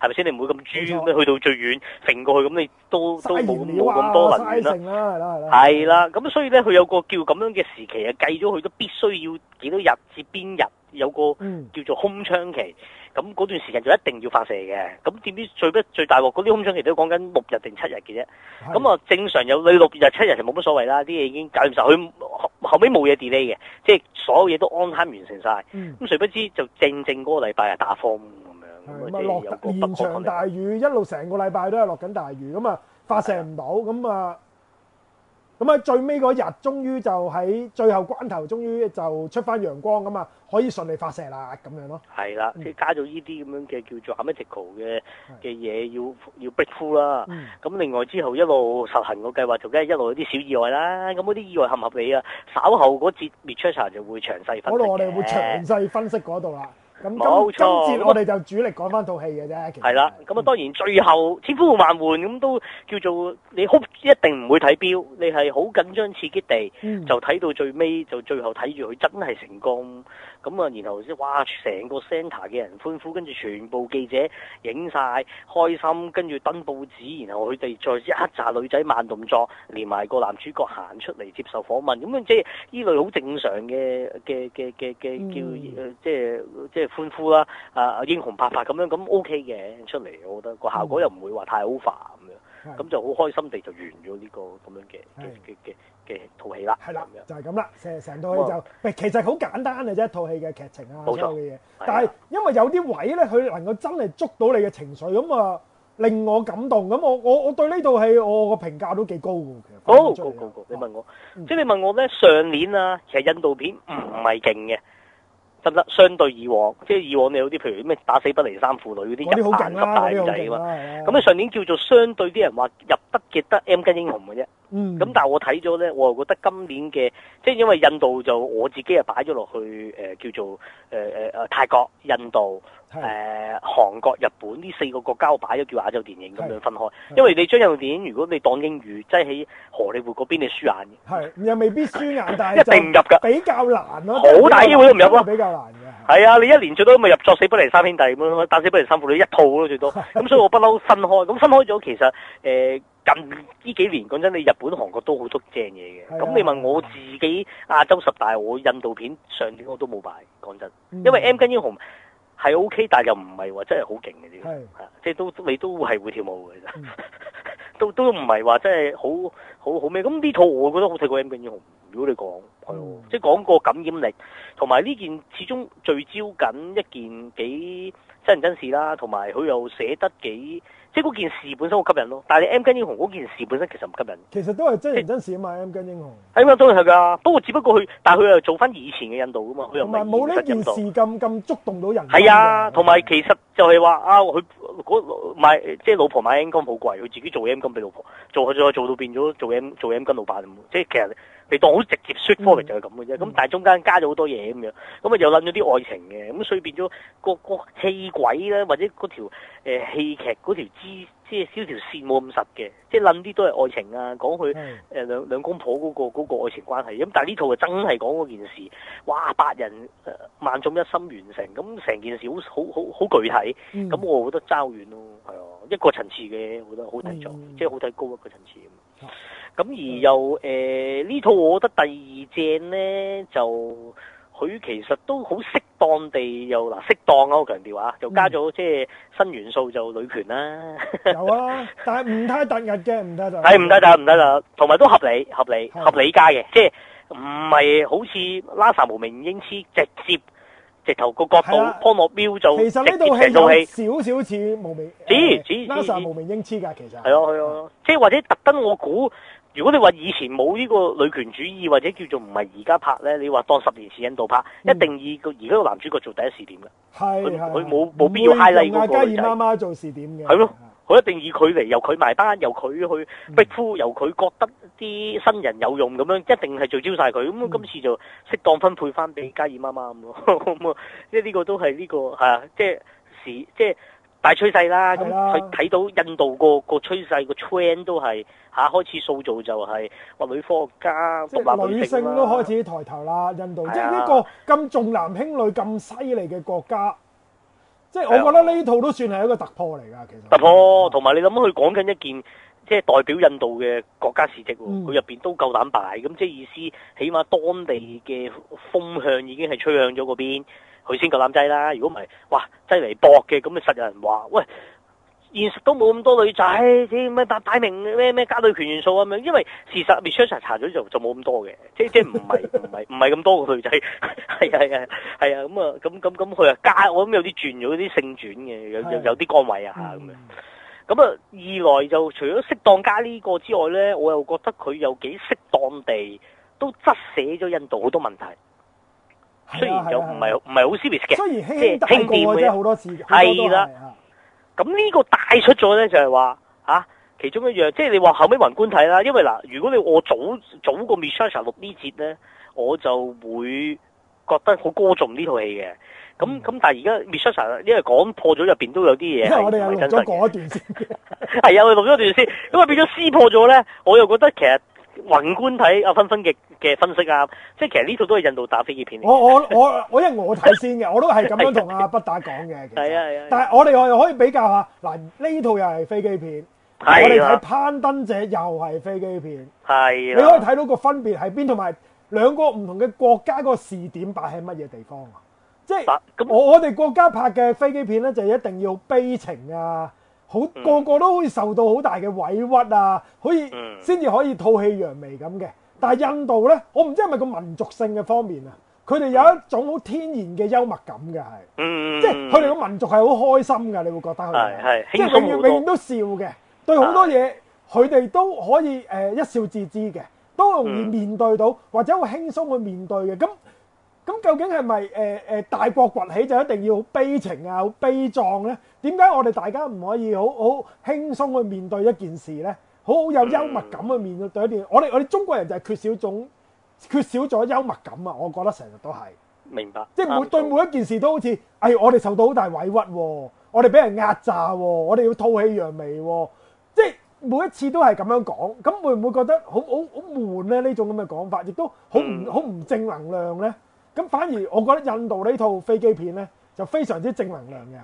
係咪先？你唔會咁豬咩？去到最遠揈過去咁，你都都冇冇咁多能源啦。係啦，咁所以咧，佢有個叫咁樣嘅時期啊，計咗佢都必須要幾多日至邊日有個叫做空窗期。嗯咁嗰段時間就一定要發射嘅，咁點知最不最大鑊嗰啲空窗期都講緊六日定七日嘅啫，咁啊正常有你六日七日就冇乜所謂啦，啲嘢已經搞掂晒，佢後尾冇嘢 delay 嘅，即係所有嘢都安慳完成晒。咁、嗯、誰不知就正正嗰個禮拜又打風咁樣，落連場大雨，一路成個禮拜都係落緊大雨，咁啊發射唔到，咁啊。咁啊，最尾嗰日，終於就喺最後關頭，終於就出翻陽光咁嘛，可以順利發射啦，咁樣咯。係啦、嗯，即係加咗呢啲咁樣嘅叫做 amazing 嘅嘅嘢，要要逼呼啦。咁、嗯、另外之後一路實行個計劃，就梗係一路有啲小意外啦。咁嗰啲意外合唔合理啊？稍後嗰節 MythSearcher 就會詳細分析。嗰度我哋會詳細分析嗰度啦。咁、嗯、冇錯，今次我哋就主力講翻套戲嘅啫。係啦，咁、嗯、啊當然最後千呼萬喚咁都叫做你哭一定唔會睇錶，你係好緊張刺激地、嗯、就睇到最尾，就最後睇住佢真係成功。咁啊，然後即係哇，成個 centre 嘅人歡呼，跟住全部記者影晒開心，跟住登報紙，然後佢哋再一紮女仔慢動作，連埋個男主角行出嚟接受訪問，咁樣即係呢類好正常嘅嘅嘅嘅嘅叫、呃、即係即係歡呼啦，啊英雄拍拍咁樣，咁 OK 嘅出嚟，我覺得、這個效果又唔會話太 over 咁、嗯、咁就好開心地就完咗呢、這個咁樣嘅嘅嘅嘅。嘅套戲啦，係啦，就係咁啦，成成套戲就、嗯，其實好簡單嘅啫，一套戲嘅劇情啊，所有嘅嘢，但係因為有啲位咧，佢能夠真係捉到你嘅情緒，咁啊令我感動，咁我我我對呢套戲我個評價都幾高嘅，好，你問我，即、哦、係你問我咧，上年啊，其實印度片唔係勁嘅，得唔得？相對以往，即係以往你有啲譬如咩打死不離三父女嗰啲入眼大底咁樣嘅嘛，咁你上年叫做相對啲人話入得嘅得 M 巾英雄嘅啫。嗯，咁但係我睇咗咧，我又覺得今年嘅，即係因為印度就我自己啊擺咗落去誒、呃、叫做誒誒、呃、泰國、印度、誒、呃、韓國、日本呢四個國家我擺咗叫亞洲電影咁樣分開。因為你將印度電影如果你當英語，即係喺荷里活嗰邊你輸眼嘅。係又未必輸硬。但一定唔入㗎。比較難咯，好大機會都唔入咯。比較難嘅。係啊，你一年最多咪入《作死不離三兄弟》咁樣，《打死不離三父子》一套咯最多。咁、 嗯、所以我不嬲分開，咁分開咗其實誒。呃近呢幾年講真，你日本、韓國都好多正嘢嘅。咁、啊、你問我自己亞洲十大，我印度片上年我都冇擺。講真、嗯，因為《M 巾英雄》係 OK，但又唔係話真係好勁嘅呢個，即係都你都係會跳舞嘅啫、嗯，都都唔係話真係好好好咩。咁呢套我覺得好睇過《M 巾英雄》。如果你、啊、即講即係講個感染力，同埋呢件始終聚焦緊一件幾真人真事啦，同埋佢又寫得幾。即嗰件事本身好吸引咯，但係你 M 巾英雄嗰件事本身其實唔吸引。其實都係真係真事啊，賣 M 巾英雄。係啊，都係係㗎，不過只不過佢，但佢又做翻以前嘅印度噶嘛，佢又唔係失印冇呢件事咁咁觸動到人。係啊，同埋其實就係話啊，佢買即係老婆買 M 巾好貴，佢自己做 M 巾俾老婆，做再做到變咗做 M 做 M 巾老闆，即係其實。你當好直接說，出嚟就係咁嘅啫。咁、嗯、但係中間加咗好多嘢咁樣，咁啊又諗咗啲愛情嘅，咁所以變咗個個戲鬼啦，或者嗰條誒、呃、戲劇嗰條 G，即係少條線冇咁實嘅，即係諗啲都係愛情啊，講佢誒、嗯、兩兩公婆嗰個嗰、那個、愛情關係。咁但呢套啊真係講嗰件事，哇八人萬眾一心完成，咁成件事好好好好具體，咁、嗯、我覺得爭遠咯，係啊。一個層次嘅，我覺得好睇咗、嗯，即係好睇高一個層次。咁、啊、而又誒呢、嗯呃、套，我覺得第二正咧，就佢其實都好適當地又嗱、啊、適當啊，我強調啊，就加咗、嗯、即係新元素就女權啦、啊。有啊， 但係唔太突兀嘅，唔太突。係唔太突，唔太突，同埋都合理、合理、合理加嘅，即係唔係好似《拉薩無名英雌》直接。直頭個角度，潘莫彪就直情做戲，少少似無名。只只無名英噶，其實係係。即係或者特登，我估如果你話以前冇呢個女權主義，或者叫做唔係而家拍咧，你話當十年前印度拍，嗯、一定以個而家個男主角做第一視點嘅。係佢冇冇必要揩你嗰個。佢用阿加媽媽做視點嘅。係咯。我一定以佢嚟，由佢埋單，由佢去逼呼，由佢覺得啲新人有用咁樣，一定係聚焦晒佢。咁、嗯、今次就適當分配翻俾加爾媽媽咁咯。咁、這個、啊，即呢個都係呢個即係時即係大趨勢啦。咁佢睇到印度個個趨勢個 trend 都係嚇、啊、開始塑造就係話女科學家、就是、女性都開始抬頭啦。印度、哎、即係呢個咁重男輕女咁犀利嘅國家。即係我覺得呢套都算係一個突破嚟㗎，其實突破同埋你諗佢講緊一件，即係代表印度嘅國家事蹟喎，佢入面都夠膽擺，咁即係意思，起碼當地嘅風向已經係吹向咗嗰邊，佢先夠膽擠啦。如果唔係，哇擠嚟搏嘅，咁你實有人話喂。現實都冇咁多女仔，即、哎、咩擺明咩咩加女權元素咁樣，因為事實 research 查咗就就冇咁多嘅， 即即唔係唔係唔係咁多個女仔，係啊係啊係啊，咁啊咁咁咁佢啊，加、啊，我諗有啲轉咗啲性轉嘅，有有啲崗位啊咁樣。咁啊，二來就除咗適當加呢個之外咧，我又覺得佢又幾適當地都側寫咗印度好多問題，雖然就唔係唔係好 serious 嘅，雖然輕好多次，係啦。咁、這、呢個帶出咗咧，就係話啊，其中一樣，即係你話後尾宏觀睇啦。因為嗱，如果你我早早個 Myth 錄呢節咧，我就會覺得好歌頌呢套戲嘅。咁咁，但係而家 Myth 因為講破咗入面都有啲嘢，因為我哋錄咗一段先，係 啊，我錄咗一段先，因 為變咗撕破咗咧，我又覺得其實。宏觀睇阿分分嘅嘅分析啊，即係其實呢套都係印度打飛機片，我我我我因為我睇先嘅，我，我，我，睇 我都係咁樣同阿不打講嘅。係啊係啊。但係我哋又可以比較下，嗱呢套又係飛機片，係我哋睇攀登者又係飛機片。係你可以睇到個分別喺邊，同埋兩個唔同嘅國家個視點擺喺乜嘢地方啊？即係、就係、我我哋國家拍嘅飛機片咧，就係、一定要悲情啊！好個個都可以受到好大嘅委屈啊，可以先至、嗯、可以吐氣揚眉咁嘅。但印度呢，我唔知係咪個民族性嘅方面啊，佢哋有一種好天然嘅幽默感嘅係，即係佢哋個民族係好開心嘅。你會覺得佢係即係永遠永遠都笑嘅，對好多嘢佢哋都可以、呃、一笑置之嘅，都容易面對到、嗯、或者好輕鬆去面對嘅咁。咁究竟係咪誒誒大國崛起就一定要悲情啊、悲壯呢？點解我哋大家唔可以好好輕鬆去面對一件事呢？好好有幽默感去面對一件事，我哋我哋中國人就係缺少種缺少咗幽默感啊！我覺得成日都係，明白，即係每對每一件事都好似係、哎、我哋受到好大委屈，我哋俾人壓榨，我哋要吐氣揚眉，即係每一次都係咁樣講。咁會唔會覺得好好好悶呢？呢種咁嘅講法，亦都好唔好唔正能量呢？咁反而我覺得印度呢套飛機片呢，就非常之正能量嘅，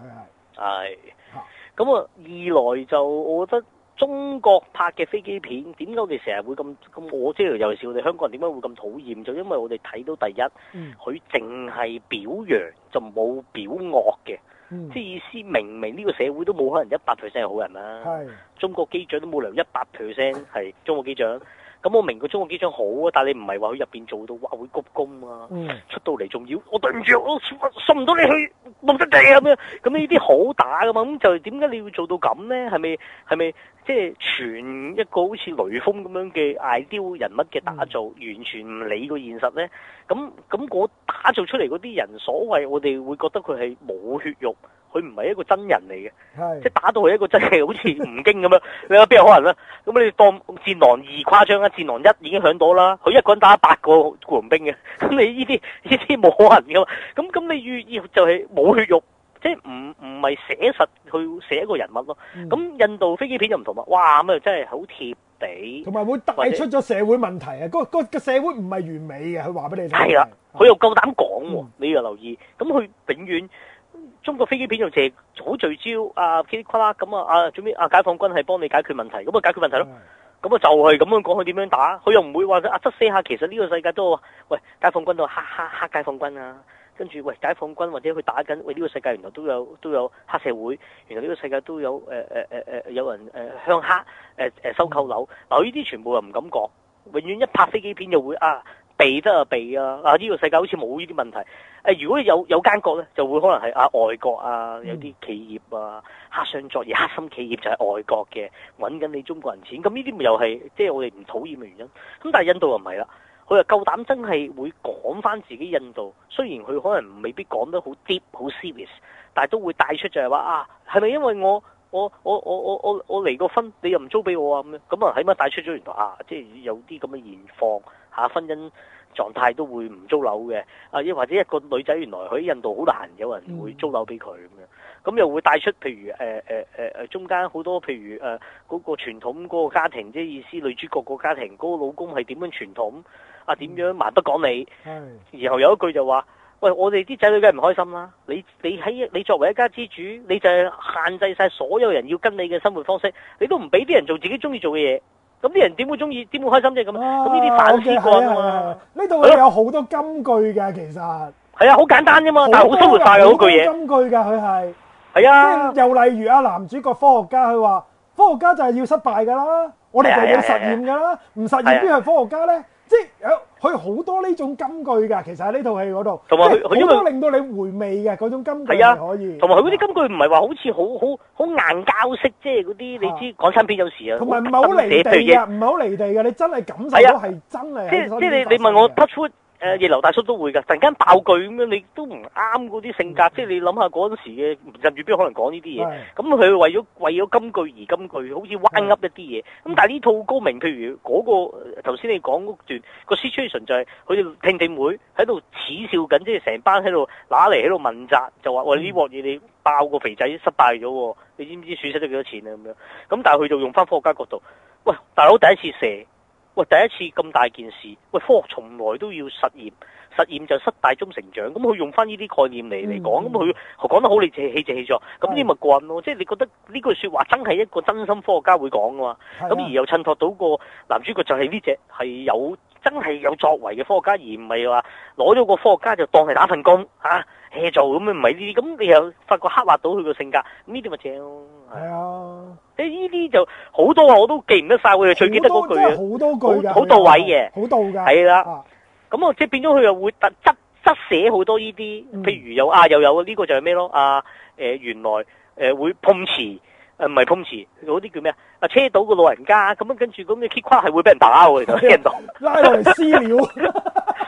係係。咁啊，二來就我覺得中國拍嘅飛機片點解我哋成日會咁咁？我即係尤其是我哋香港人點解會咁討厭？就因為我哋睇到第一，佢淨係表揚就冇表惡嘅，即、嗯、係意思明明呢個社會都冇可能一百 percent 係好人啦。係。中國機長都冇理由一百 percent 係中國機長。咁我明個中國機長好啊，但你唔係話佢入面做到會鞠躬啊，嗯、出到嚟仲要我對唔住，我送唔到你去目的地咁樣，咁呢啲好打噶嘛？咁就點解你要做到咁咧？係咪係咪即係全一個好似雷鋒咁樣嘅 ideal 人物嘅打造，嗯、完全唔理個現實咧？咁咁我打造出嚟嗰啲人，所謂我哋會覺得佢係冇血肉。佢唔係一個真人嚟嘅，即係打到佢一個真係好似吳京咁樣， 你話邊有可能啦、啊、咁你當戰狼二誇張啊，戰狼一已經響到啦，佢一個人打八個僱傭兵嘅，咁你呢啲呢啲冇可能嘅嘛？咁咁你寓意就係冇血肉，即係唔唔係寫實去寫一個人物咯？咁、嗯、印度飛機片就唔同啦，哇咁啊真係好貼地，同埋會帶出咗社會問題啊！嗰個社會唔係完美嘅，佢話俾你聽。係啦，佢又夠膽講喎，嗯、你要留意。咁佢永遠。中國飛機片就成日好聚焦啊，噼里啪啦咁啊，啊做咩啊？解放軍係幫你解決問題，咁啊解決問題咯。咁、嗯、啊就係咁樣講佢點樣打，佢又唔會話啊七四下。其實呢個世界都話，喂，解放軍都黑黑黑解放軍啊。跟住喂，解放軍或者佢打緊喂呢、這個世界原來都有都有黑社會。原來呢個世界都有誒誒誒有人誒、呃、向黑誒、呃、收購樓。嗱呢啲全部又唔敢講，永遠一拍飛機片就會啊。避得就避啊！啊呢、這個世界好似冇呢啲問題。誒、啊、如果有有間國咧，就會可能係啊外國啊有啲企業啊黑心、啊、作業、黑、啊、心企業就係外國嘅揾緊你中國人錢。咁呢啲咪又係即係我哋唔討厭嘅原因。咁但係印度又唔係啦，佢又夠膽真係會講返自己印度。雖然佢可能未必講得好 deep、好 serious，但係都會帶出就係話啊，係咪因為我我我我我我離個婚，你又唔租俾我啊咁樣？咁啊，起碼帶出咗原來啊，即係有啲咁嘅現況。嚇、啊、婚姻狀態都會唔租樓嘅，啊，亦或者一個女仔原來佢喺印度好難有人會租樓俾佢咁樣，咁又會帶出譬如誒誒誒誒中間好多譬如誒嗰、呃嗰個傳統嗰個家庭即意思，女主角個家庭嗰、嗰個老公係點樣傳統啊？點樣蠻不講理，然後有一句就話，喂，我哋啲仔女梗係唔開心啦！你你喺你作為一家之主，你就係限制晒所有人要跟你嘅生活方式，你都唔俾啲人做自己中意做嘅嘢。咁啲人點會中意？點會開心啫？咁，咁呢啲反思過啊嘛？呢度係有好多金句㗎，其實係啊，好簡單啫嘛，但係好生活化嘅好句嘢。金句㗎，佢係係啊。又例如啊，男主角科學家，佢話科學家就係要失敗㗎啦。我哋就要實驗㗎啦，唔實驗邊係科學家咧？即有佢好多呢種金句嘅，其實喺呢套戲嗰度，同埋佢佢因為令到你回味嘅嗰種金句係可以，同埋佢嗰啲金句唔係話好似好好好硬膠式，即係嗰啲你知講親邊種事啊，同埋唔好離地嘅，唔好離地嘅，你真係感受到係真嘅。即即你你問我得出？誒、呃，葉劉大叔都會㗎，突然間爆句咁樣，你都唔啱嗰啲性格，嗯、即係你諗下嗰陣時嘅任宇斌可能講呢啲嘢，咁、嗯、佢為咗為咗金句而金句，好似彎噏一啲嘢。咁、嗯、但係呢套高明，譬如嗰、那個頭先你講嗰段、那個 situation 就係佢哋聽聽會喺度恥笑緊，即係成班喺度揦嚟喺度問責，就話喂呢鑊嘢你爆個肥仔失敗咗喎，你知唔知損失咗幾多錢啊？咁樣咁但係佢就用翻科學家角度，喂大佬第一次射。喂，第一次咁大件事，喂，科學從來都要實驗實驗就失敗中成長，咁佢用翻呢啲概念嚟嚟講，咁、嗯、佢講得好，嗯、氣氣你謝氣謝氣咗，咁呢咪慣咯，即係你覺得呢句說話真係一個真心科學家會講㗎嘛，咁而又襯托到個男主角就係呢隻係有。真係有作為嘅科學家，而唔係話攞咗個科學家就當係打份工啊，做咁樣，唔係呢啲。咁你又發覺刻畫到佢個性格，呢啲咪正咯。係啊，呢啲、啊、就好多，我都記唔得晒。我哋最記得嗰句啊，好多句，好、啊、到位嘅，好到噶。係啦、啊，咁我即係變咗，佢又會側側寫好多呢啲、嗯，譬如有啊，又有呢個就係咩咯？啊，誒、這個啊呃，原來誒、呃、會碰瓷。誒、呃，唔係碰瓷，嗰啲叫咩啊？啊，車到個老人家咁樣跟住咁嘅 K 胯係會俾人打喎，就驚到拉嚟私了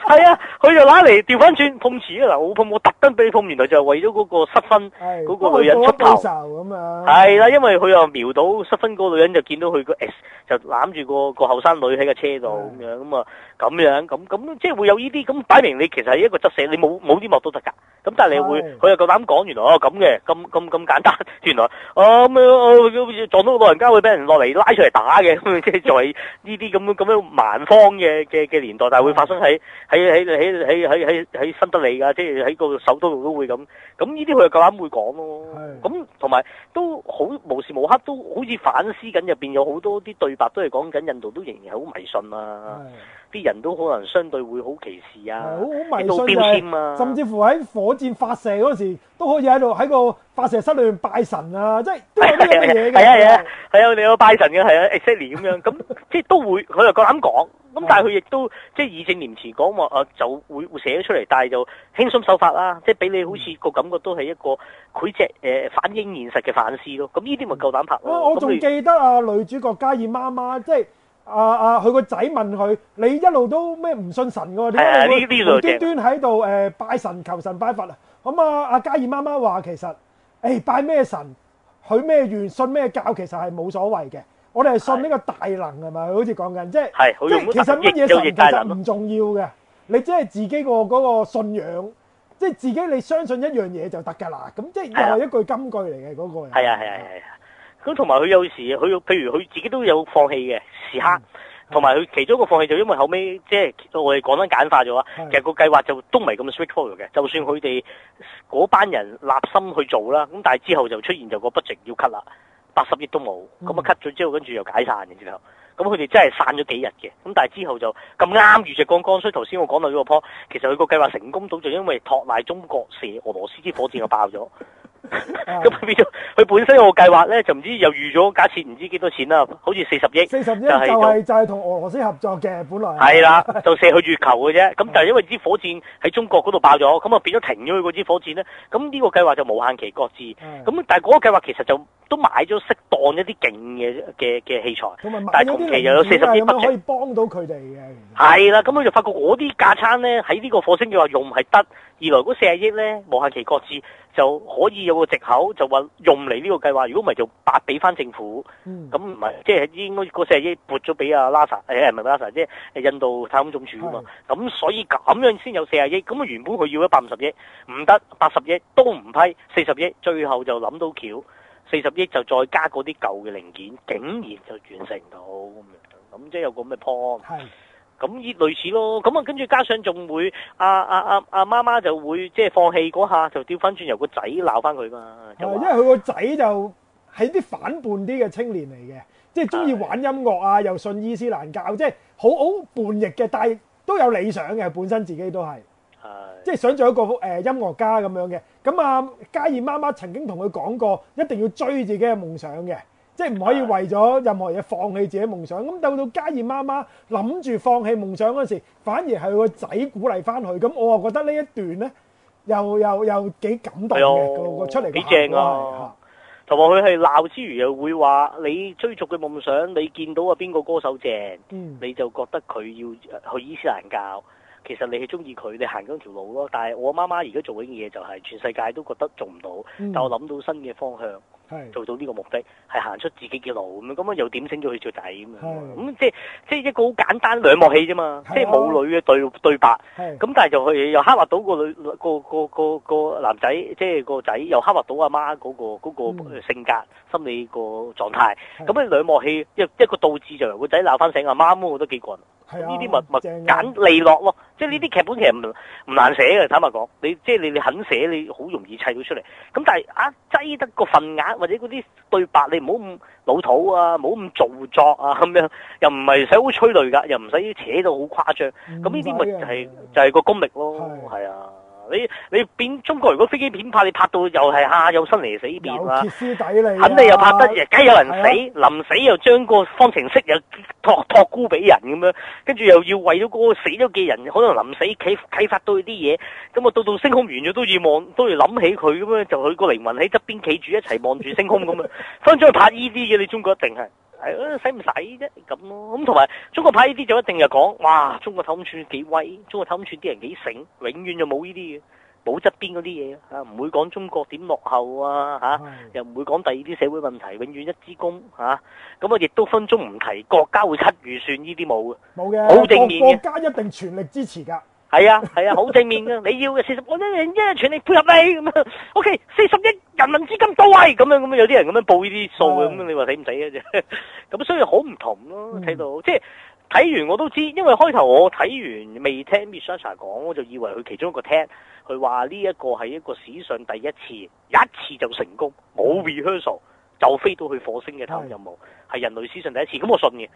係 啊，佢就拉嚟調翻轉碰瓷啊！嗱，我碰我特登俾你碰，原來就係為咗嗰個失分，嗰個女人出頭咁啊，係啦，因為佢又瞄到失分個女人，就見到佢個 S 就攬住個、嗰個後生女喺個車度咁樣，咁啊咁樣咁咁，即係會有呢啲，咁擺明你其實係一個執射，你冇冇啲幕都得噶，咁但係你會佢又夠膽講，原來咁嘅，咁咁咁簡單，原來哦、呃呃好似撞到老人家會俾人落嚟拉出嚟打嘅，即係就係呢啲咁咁樣蠻荒嘅嘅嘅年代，但係會發生喺喺喺喺喺喺喺新德里㗎，即係喺個首都度都會咁。咁呢啲佢又夠膽會講咯。咁同埋都好無時無刻都好似反思緊入邊有好多啲對白都係講緊印度都仍然係好迷信啊。啲人都可能相對會好歧視啊，好、嗯、好迷信啊，甚至乎喺火箭發射嗰時都可以喺度喺個發射室裏邊拜神啊，即係都係呢樣嘢嘅。係 啊，係啊，係啊，你有拜神嘅，係啊 exactly 咁樣，咁即係都會，佢又夠膽講，咁但係佢亦都即係義正言辭講話，誒、啊，就會會寫咗出嚟，但、嗯、係就輕鬆手法啦，即係俾你好似個感覺都係一個佢只誒反映現實嘅反思咯。咁呢啲咪夠膽拍？我我仲記得啊，女主角加爾媽媽即係。就是阿阿佢個仔問佢：你一路都咩唔信神㗎？點解你無端端喺度誒拜神求神拜佛啊？咁啊阿家燕媽媽話其實誒、哎、拜咩神，許咩願，信咩教其實係冇所謂嘅。我哋係信呢個大能係咪？好似講緊即係。係，好容易其實乜嘢神其實唔重要嘅，你即係自己個嗰個信仰，即係自己你相信一樣嘢就得㗎啦。咁即係又係一句金句嚟嘅嗰個人。係啊係啊係啊！咁同埋佢有時，佢譬如佢自己都有放棄嘅時刻，同埋佢其中一個放棄就因為後尾，即係我哋講得簡化咗，嗯，其實個計劃就都唔係咁 s w r a i h f o r w r 嘅。就算佢哋嗰班人立心去做啦，咁但係之後就出現就個不值要 cut 啦，八十億都冇，咁，嗯、啊 cut 咗之後，跟住又解散然時後，咁佢哋真係散咗幾日嘅。咁但係之後就咁啱遇剛剛所衰，頭先我講到嗰個 p t 其實佢個計劃成功咗，就因為托賴中國射俄羅斯支火箭就爆咗。咁 變咗，佢本身個計劃咧就唔知又預咗，假設唔知幾多錢啦，好似四十億。四十億就係、係、就係同俄羅斯合作嘅本來。係啦， 就射去月球嘅啫。咁但係因為支火箭喺中國嗰度爆咗，咁啊變咗停咗佢嗰支火箭咧。咁呢個計劃就無限期擱置。咁 但係嗰個計劃其實就都買咗適當一啲勁嘅嘅嘅器材。但係同期又有四十億，咁就可以幫到佢哋嘅？係啦，咁佢就發覺我啲架撐咧喺呢個火星嘅話用係得。二來嗰四十億咧無限期擱置就可以用。個藉口就話用嚟呢個計劃，如果唔係就白俾翻政府，咁唔係即係應該個四十億撥咗俾阿拉薩，誒，唔係拉薩，即係印度太空總署啊嘛，咁所以咁樣先有四十億，咁原本佢要咗百五十億，唔得八十億都唔批，四十億最後就諗到橋，四十億就再加嗰啲舊嘅零件，竟然就完成到咁樣，咁即係有個咩嘅 point。咁依類似咯，咁啊跟住加上仲會阿啊啊啊，啊媽媽就會即係放棄嗰下就，就掉翻轉由個仔鬧翻佢嘛。因為佢個仔就係啲反叛啲嘅青年嚟嘅，即係中意玩音樂啊，又信伊斯蘭教，即係好好叛逆嘅，但係都有理想嘅，本身自己都係，即係想做一個、呃、音樂家咁樣嘅。咁阿嘉義媽媽曾經同佢講過，一定要追自己嘅夢想嘅。即係唔可以為咗任何嘢放棄自己夢想。咁到到嘉義媽媽諗住放棄夢想嗰時，反而係個仔鼓勵翻佢。咁我覺得呢一段呢，又又又幾感動嘅。個、哎、出嚟幾正啊！同埋佢係鬧之餘又會話：你追逐嘅夢想，你見到啊邊個歌手正，嗯、你就覺得佢要去伊斯蘭教。其實你係中意佢，你行緊條路咯。但係我媽媽而家做緊嘅嘢就係、是、全世界都覺得做唔到，但我諗到新嘅方向。做到呢個目的，係行出自己嘅路咁樣，咁樣又點醒咗佢做仔咁啊？咁即係即係一個好簡單兩幕戲啫嘛、啊，即係母女嘅對對白，咁、啊、但係就佢又刻畫到個女個個個個男仔，即係個仔又刻畫到阿媽嗰個性格、嗯、心理個狀態。咁啊兩幕戲一一個導致就係個仔鬧翻醒阿媽，媽，我覺得幾過癮。呢啲咪咪簡利落咯，即係呢啲劇本其實唔唔難寫嘅，坦白講，你即係你你肯寫，你好容易砌到出嚟。咁但係啊擠得個份額。或者嗰啲對白你唔好咁老土啊，唔好咁做作啊，咁樣又唔係使好催淚㗎，又唔使扯到好誇張，咁呢啲咪就係、嗯、就係、個功力咯，係啊。你你變中國，如果飛機片拍你拍到又係下又有生離死別啊，肯定又拍得，梗有人死，臨、啊、死又將個方程式又託託孤俾人咁樣，跟住又要為咗個死咗嘅人，可能臨死啟啟發到啲嘢，咁啊到到星空完咗都要望，都要諗起佢咁樣，就佢個靈魂喺側邊企住一齊望住星空咁 樣，分咗去拍呢啲嘅，你中國一定係。係使唔使啫咁咯？咁同埋中國派呢啲就一定係講，哇！中國太空船幾威，中國太空船啲人幾醒，永遠就冇呢啲嘢，冇側邊嗰啲嘢啊，唔會講中國點落後啊，吓、啊、又唔會講第二啲社會問題，永遠一支公吓，咁啊亦都、啊、分鐘唔提，國家會出預算呢啲冇嘅，冇嘅，好正面嘅，國家一定全力支持噶。係啊，係啊，好、啊、正面噶！你要嘅四十，我一一全力配合你咁 OK，四十億人民資金到位，咁樣咁樣，有啲人咁樣報呢啲數咁樣，你話死唔死啊？咁 所以好唔同咯。睇到，嗯，即係睇完我都知，因為開頭我睇完未聽 MythSearcher 講，我就以為佢其中一個聽佢話呢一個係一個史上第一次，一次就成功，冇 rehearsal 就飛到去火星嘅任務，係人類史上第一次。咁我信嘅。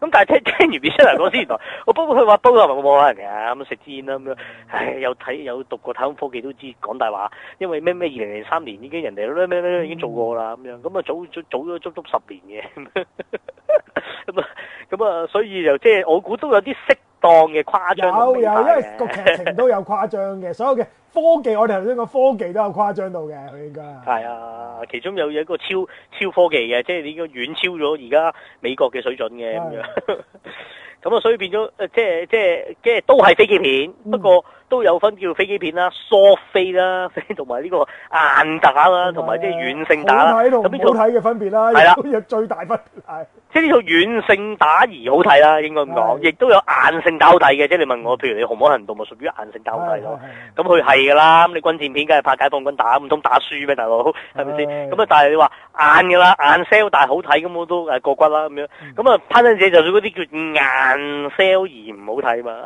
咁但係聽聽完 b 出嚟 s 講先，我不過佢話不過係冇可能嘅，咁食支煙啦咁樣，唉，有睇有讀過太空科技都知講大話，因為咩咩二零零三年已經人哋咩咩已經做過啦咁樣，咁啊早早早咗足足十年嘅，咁啊。咁啊，所以就即係我估都有啲適當嘅誇張都有，有因為個劇情都有誇張嘅。 所有嘅科技，我哋頭先講個科技都有誇張到嘅。佢而家係啊，其中有一個超超科技嘅，即係呢個遠超咗而家美國嘅水準嘅咁樣，咁啊， 所以變咗，即係即係即係都係飛機片，嗯、不過。都有分叫飛機片啦、soft 飛啦，同埋呢個硬打啦，同埋即係軟性打啦。咁好睇嘅分別啦，係啦，最大分別，即係呢套軟性打而好睇啦，應該咁講。亦都有硬性打好睇嘅，即係你問我，譬如你紅魔行動咪屬於硬性打好睇咯？咁佢係噶啦，咁你軍戰片梗係拍解放軍打，唔通打輸咩大佬？係咪先？咁啊，但係你話硬噶啦，硬 sell 但係好睇咁我都誒過骨啦咁樣。咁、嗯、啊，攀登者就算嗰啲叫硬 sell 而唔好睇嘛，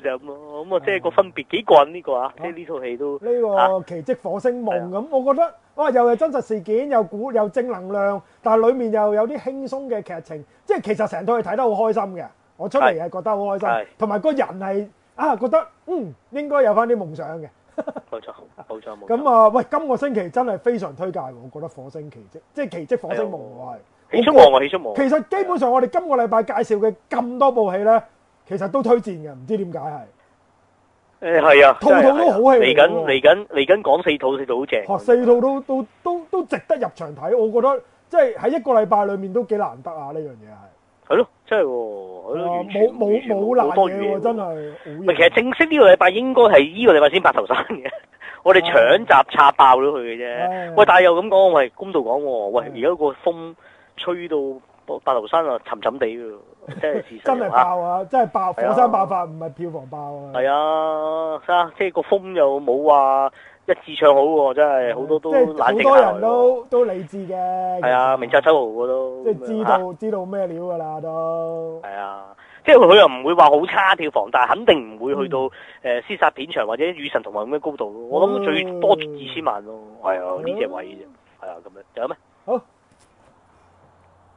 咁咯。 咁啊，即係個分別幾個人呢個啊？即係呢套戲都呢個奇蹟火星夢咁，我覺得哇，又係真實事件，又古又正能量，但係裏面又有啲輕鬆嘅劇情，即係其實成套戲睇得好開心嘅。我出嚟係覺得好開心，同埋個人係啊，覺得嗯應該有翻啲夢想嘅。冇錯，冇錯，冇錯。咁啊，喂，今個星期真係非常推介，我覺得《火星奇蹟》即係《奇蹟火星夢》係。奇蹟夢，我奇蹟夢。其實基本上我哋今個禮拜介紹嘅咁多部戲咧，其實都推薦嘅，唔知點解係。誒、欸、係啊，套套都好戲，嚟緊嚟緊嚟緊講四套四套好正，四套、啊、都都都都值得入場睇，我覺得即係喺一個禮拜裏面都幾難得啊，呢樣嘢係係咯，真係，冇冇冇難嘅真係。唔其實正式呢個禮拜應該係呢個禮拜先白頭山嘅、啊，我哋搶閘插爆咗佢嘅啫。喂、啊，但係又咁講，喂，公道講，喂、啊，而家個風吹到。白頭山啊，沉沉地嘅真係事實真係爆啊！啊真係爆，火山爆發唔係票房爆啊！係啊，啊，啊，啊，啊，即係個風又冇話一致唱好喎，真係好多都冷靜下，好多人都都理智嘅。係啊，明察秋毫嘅都。即係知道知道咩料噶啦都。係啊，即係佢又唔會話好差票房，嗯、但係肯定唔會去到誒撕殺片場或者雨神同埋咁嘅高度咯。我諗最多二千萬咯。係、嗯、啊，呢、哎、只位，係、嗯、啊，咁樣仲有咩？好。